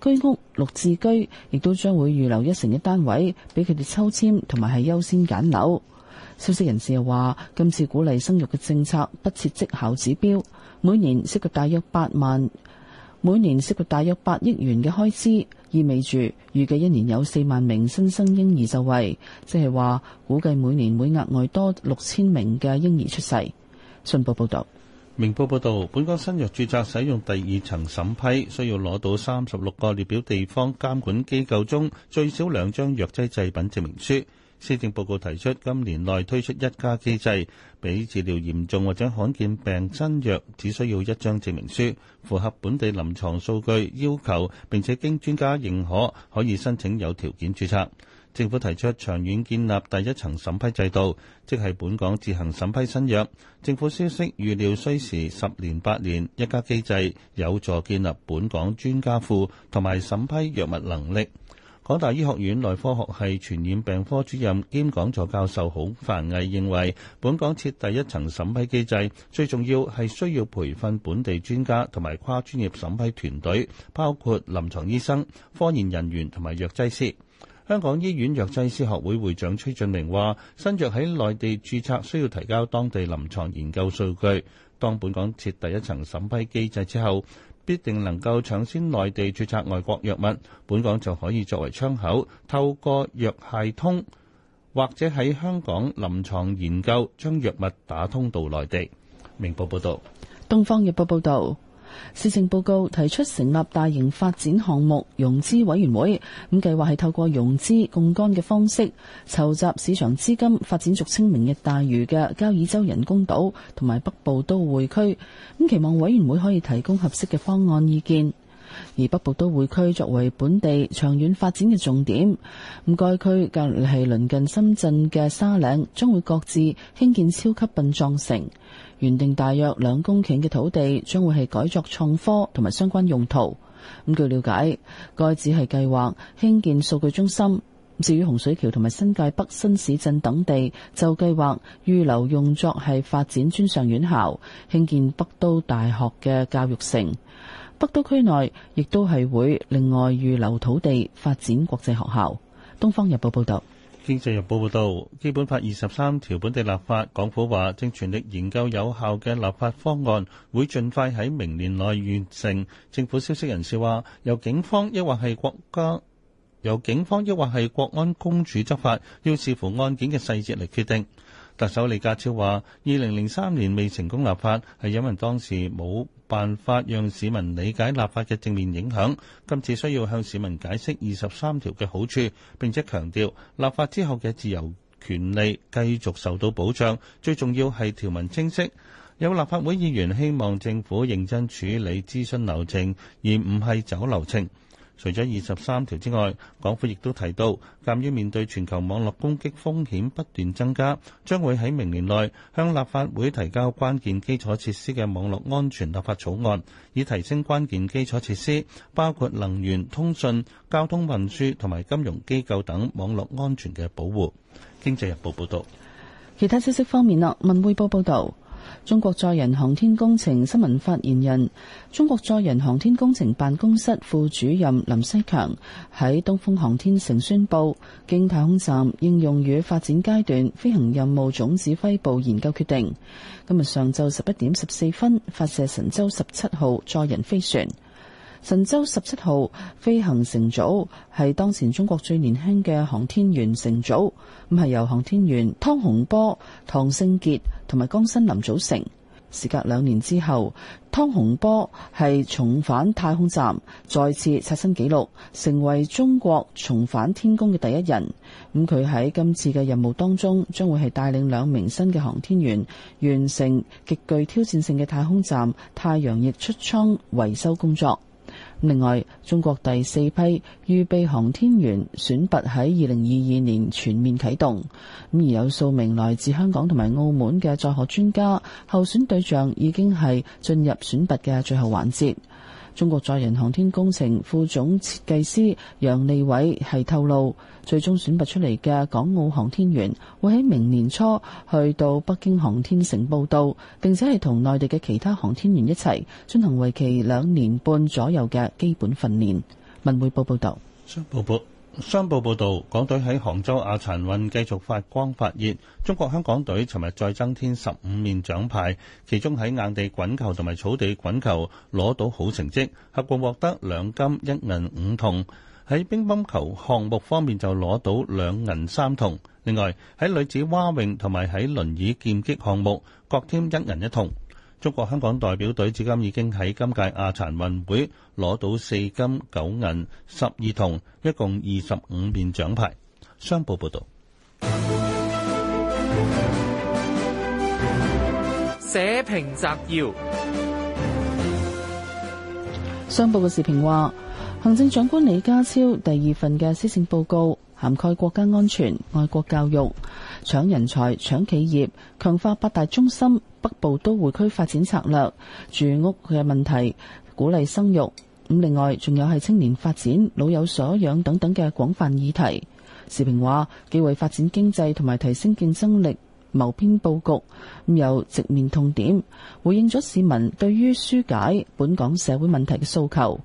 居屋綠置居亦都將會預留一成嘅單位俾佢哋抽籤，同埋係優先揀樓。消息人士又話，今次鼓勵生育嘅政策不設績效指標，每年涉及大約八萬，每年涉及大約八億元嘅開支，意味住預計一年有四萬名新生嬰兒受惠，即係話估計每年會額外多六千名嘅嬰兒出世。信報報道。明報報導，本港新藥註冊使用第二層審批，需要攞到三十六個列表地方監管機構中最少兩張藥劑製品證明書。施政報告提出，今年內推出一家機制，俾治療嚴重或者罕見病新藥只需要一張證明書，符合本地臨床數據要求並且經專家認可，可以申請有條件註冊。政府提出長遠建立第一層審批制度，即係本港自行審批新藥。政府消息預料需時十年八年，一家機制有助建立本港專家庫同埋審批藥物能力。港大醫學院內科學系傳染病科主任兼講座教授孔繁毅認為，本港設第一層審批機制最重要係需要培訓本地專家同埋跨專業審批團隊，包括臨床醫生、科研人員同埋藥劑師。香港醫院藥劑師學會會長崔俊明話：新藥喺內地注冊需要提交當地臨床研究數據。當本港設第一層審批機制之後，必定能夠搶先內地注冊外國藥物，本港就可以作為窗口，透過藥械通或者喺香港臨床研究，將藥物打通到內地。明報報道，東方日報報道。施政報告提出成立大型發展項目融資委員會，咁計劃係透過融資槓桿嘅方式，籌集市場資金發展俗稱明日大嶼嘅交椅洲人工島同埋北部都會區，咁期望委員會可以提供合適嘅方案意見。而北部都會區作為本地長遠發展嘅重點，咁該區隔籬鄰近深圳嘅沙嶺，將會各自興建超級殯葬城。原定大約兩公頃嘅土地將會係改作創科同埋相關用途。咁據了解，該址係計劃興建數據中心。至於洪水橋同埋新界北新市鎮等地，就計劃預留用作係發展專上院校，興建北都大學嘅教育城。北都區內亦都係會另外預留土地發展國際學校。東方日報報道。經濟日報報導，《基本法》二十三條本地立法，港府話正全力研究有效嘅立法方案，會盡快喺明年內完成。政府消息人士話，由警方抑或係國家，由警方抑或係國安公署執法，要視乎案件嘅細節嚟決定。特首李家超話，二零零三年未成功立法，係因為當時冇辦法讓市民理解立法嘅正面影響，今次需要向市民解釋二十三條嘅好處，並且強調立法之後嘅自由權利繼續受到保障。最重要係條文清晰。有立法會議員希望政府認真處理諮詢流程，而唔係走流程。除咗二十三條之外，港府亦都提到，鑒於面對全球網絡攻擊風險不斷增加，將會喺明年內向立法會提交關鍵基礎設施嘅網絡安全立法草案，以提升關鍵基礎設施，包括能源、通訊、交通運輸同埋金融機構等網絡安全嘅保護。經濟日報報道。其他消息方面啦，文匯報報導。中國載人航天工程新聞發言人、中國載人航天工程辦公室副主任林西強喺東風航天城宣布，經太空站應用與發展階段飛行任務總指揮部研究決定，今日上晝十一點十四分發射神舟十七號載人飛船。神舟十七號飛行乘組係當前中國最年輕嘅航天員乘組，咁係由航天員湯洪波、唐勝傑同埋江新林組成。時隔兩年之後，湯洪波係重返太空站，再次刷新紀錄，成為中國重返天宮嘅第一人。咁佢喺今次嘅任務當中，將會係帶領兩名新嘅航天員，完成極具挑戰性嘅太空站太陽翼出艙維修工作。另外，中國第四批預備航天員選拔喺二零二二年全面啟動，咁而有數名來自香港同埋澳門嘅在學專家候選對象已經係進入選拔嘅最後環節。中國載人航天工程副總設計師楊利偉係透露，最終選拔出嚟嘅港澳航天員會喺明年初去到北京航天城報到，並且係同內地嘅其他航天員一齊進行為期兩年半左右嘅基本訓練。文匯報報道。報報商報報道，港隊喺杭州亞殘運繼續發光發熱。中國香港隊尋日再增添十五面獎牌，其中喺硬地滾球同埋草地滾球攞到好成績，合共獲得兩金一銀五銅。喺乒乓球項目方面就攞到兩銀三銅，另外喺女子蛙泳同埋喺輪椅劍擊項目各添一銀一銅。中國香港代表隊至今已經喺今屆亞殘運會攞到四金九銀十二銅，一共二十五面獎牌。商報報道，社評摘要。商報嘅視頻話，行政長官李家超第二份嘅施政報告涵蓋國家安全、愛國教育。搶人才、搶企業，強化八大中心、北部都會區發展策略；住屋嘅問題，鼓勵生育。咁另外仲有係青年發展、老有所養等等嘅廣泛議題。時評話：既為發展經濟同埋提升競爭力謀篇佈局，有直面痛點，回應咗市民對於紓解本港社會問題嘅訴求。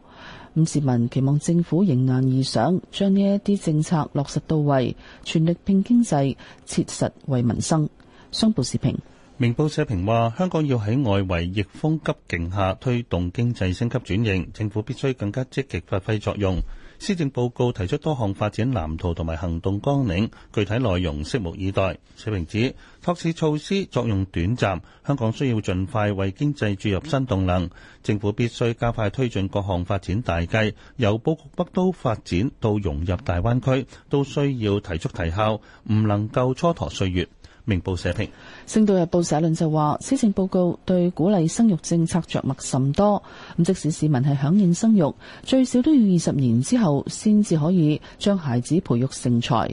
咁市民期望政府迎難而上，將呢一啲政策落實到位，全力拼經濟，切實為民生。商報社評，明報社評話，香港要喺外圍逆風急勁下推動經濟升級轉型，政府必須更加積極發揮作用。施政報告提出多項發展藍圖同埋行動綱領，具體內容拭目以待。小明指，托市措施作用短暫，香港需要盡快為經濟注入新動能，政府必須加快推進各項發展大計，由佈局北都發展到融入大灣區，都需要提速提效，唔能夠蹉跎歲月。明報社評，《星島日報》社論就話：施政報告對鼓勵生育政策着墨甚多，咁即使市民係響應生育，最少都要二十年之後先至可以將孩子培育成才。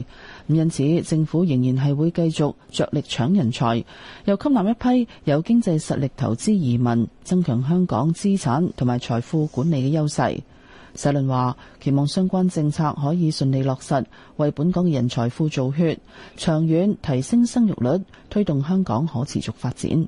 因此，政府仍然係會繼續着力搶人才，又吸納一批有經濟實力投資移民，增強香港資產同埋財富管理嘅優勢。社論話期望相關政策可以順利落實，為本港嘅人財富造血，長遠提升生育率，推動香港可持續發展。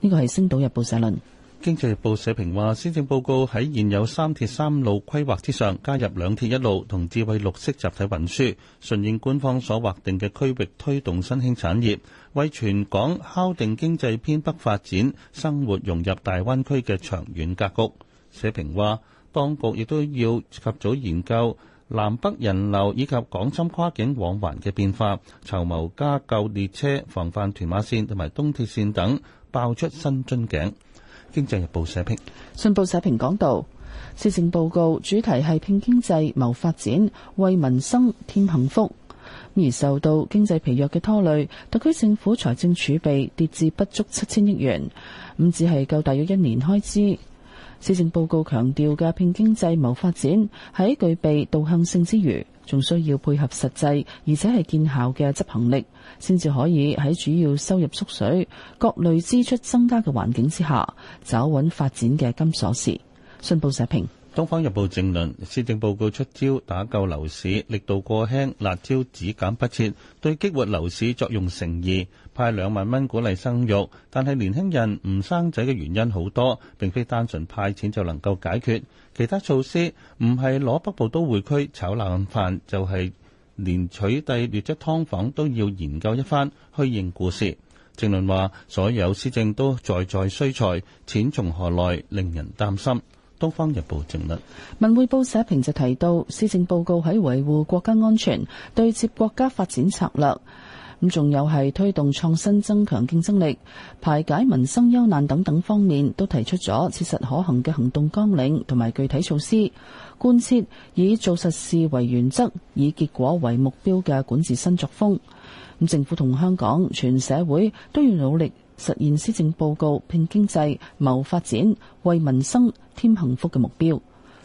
呢個係《星島日報》社論。《經濟日報》社評話，施政報告喺現有三鐵三路規劃之上，加入兩鐵一路同智慧綠色集體運輸，順應官方所劃定嘅區域，推動新興產業，為全港敲定經濟偏北發展，生活融入大灣區嘅長遠格局。社評話。當局亦都要及早研究南北人流以及港深跨境往環嘅變化，籌謀加購列車、防範屯馬線同埋東鐵線等爆出新樽頸。《經濟日報》社評，信報社評講道：施政報告主題係拼經濟、謀發展、為民生添幸福，而受到經濟疲弱嘅拖累，特區政府財政儲備跌至不足七千億元，咁只係夠大約一年開支。施政報告強調嘅拼經濟、謀發展，喺具備導向性之餘，仲需要配合實際，而且係見效嘅執行力，先至可以喺主要收入縮水、各類支出增加嘅環境之下，找穩發展嘅金鎖匙。信報社評，《東方日報》政論：施政報告出招打救樓市，力度過輕，辣招只減不撤，對激活樓市作用成疑。派兩萬蚊鼓勵生育，但係年輕人唔生仔嘅原因好多，並非單純派錢就能夠解決。其他措施唔係攞北部都會區炒冷飯，就係、是、連取締、劣質劏房都要研究一番虛應故事。正論話：所有施政都在在需財，錢從何來，令人擔心。《東方日報》正論。文匯報社評就提到，施政報告喺維護國家安全、對接國家發展策略。咁仲有係推動創新、增強競爭力、排解民生憂難等等方面，都提出咗切實可行嘅行動綱領同埋具體措施，貫徹以做實事為原則、以結果為目標嘅管治新作風。咁政府同香港全社會都要努力實現施政報告拼經濟謀發展、為民生添幸福嘅目標。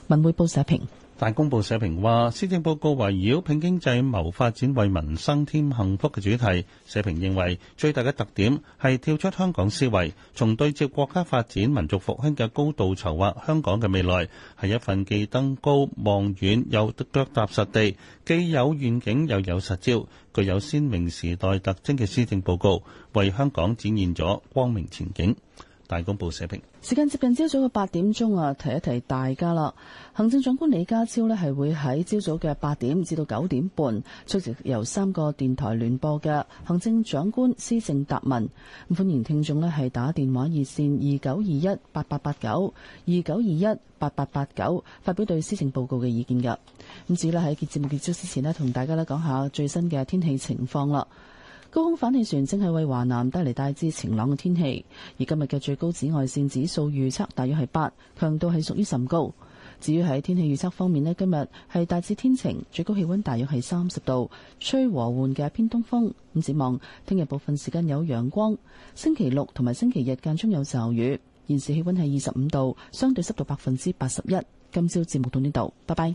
文匯報社評。但公布社評話施政報告圍繞拼經濟謀發展、為民生添幸福嘅主題，社評認為最大嘅特點係跳出香港思維，從對接國家發展、民族復興嘅高度籌劃香港嘅未來，係一份既登高望遠又腳踏實地，既有願景又有實招，具有鮮明時代特徵嘅施政報告，為香港展現咗光明前景。大公報社評，時間接近朝早嘅八點鐘啊，提一提大家啦。行政長官李家超呢係會喺朝早嘅八點至到九點半，出席由三個電台聯播嘅行政長官施政答問。咁歡迎聽眾呢係打電話熱線二九二一八八八九，二九二一八八八九，發表對施政報告嘅意見噶。咁至於喺節目結束之前呢，同大家呢講下最新嘅天氣情況啦。高空反氣旋正係為華南帶嚟大致晴朗嘅天氣，而今日嘅最高紫外線指數預測大約係八，強度係屬於甚高。至於喺天氣預測方面呢，今日係大致天晴，最高氣溫大約係三十度，吹和緩嘅偏東風。咁展望聽日部分時間有陽光，星期六同埋星期日間中有驟雨。現時氣溫係二十五度，相對濕度百分之八十一。今朝節目到呢度，拜拜。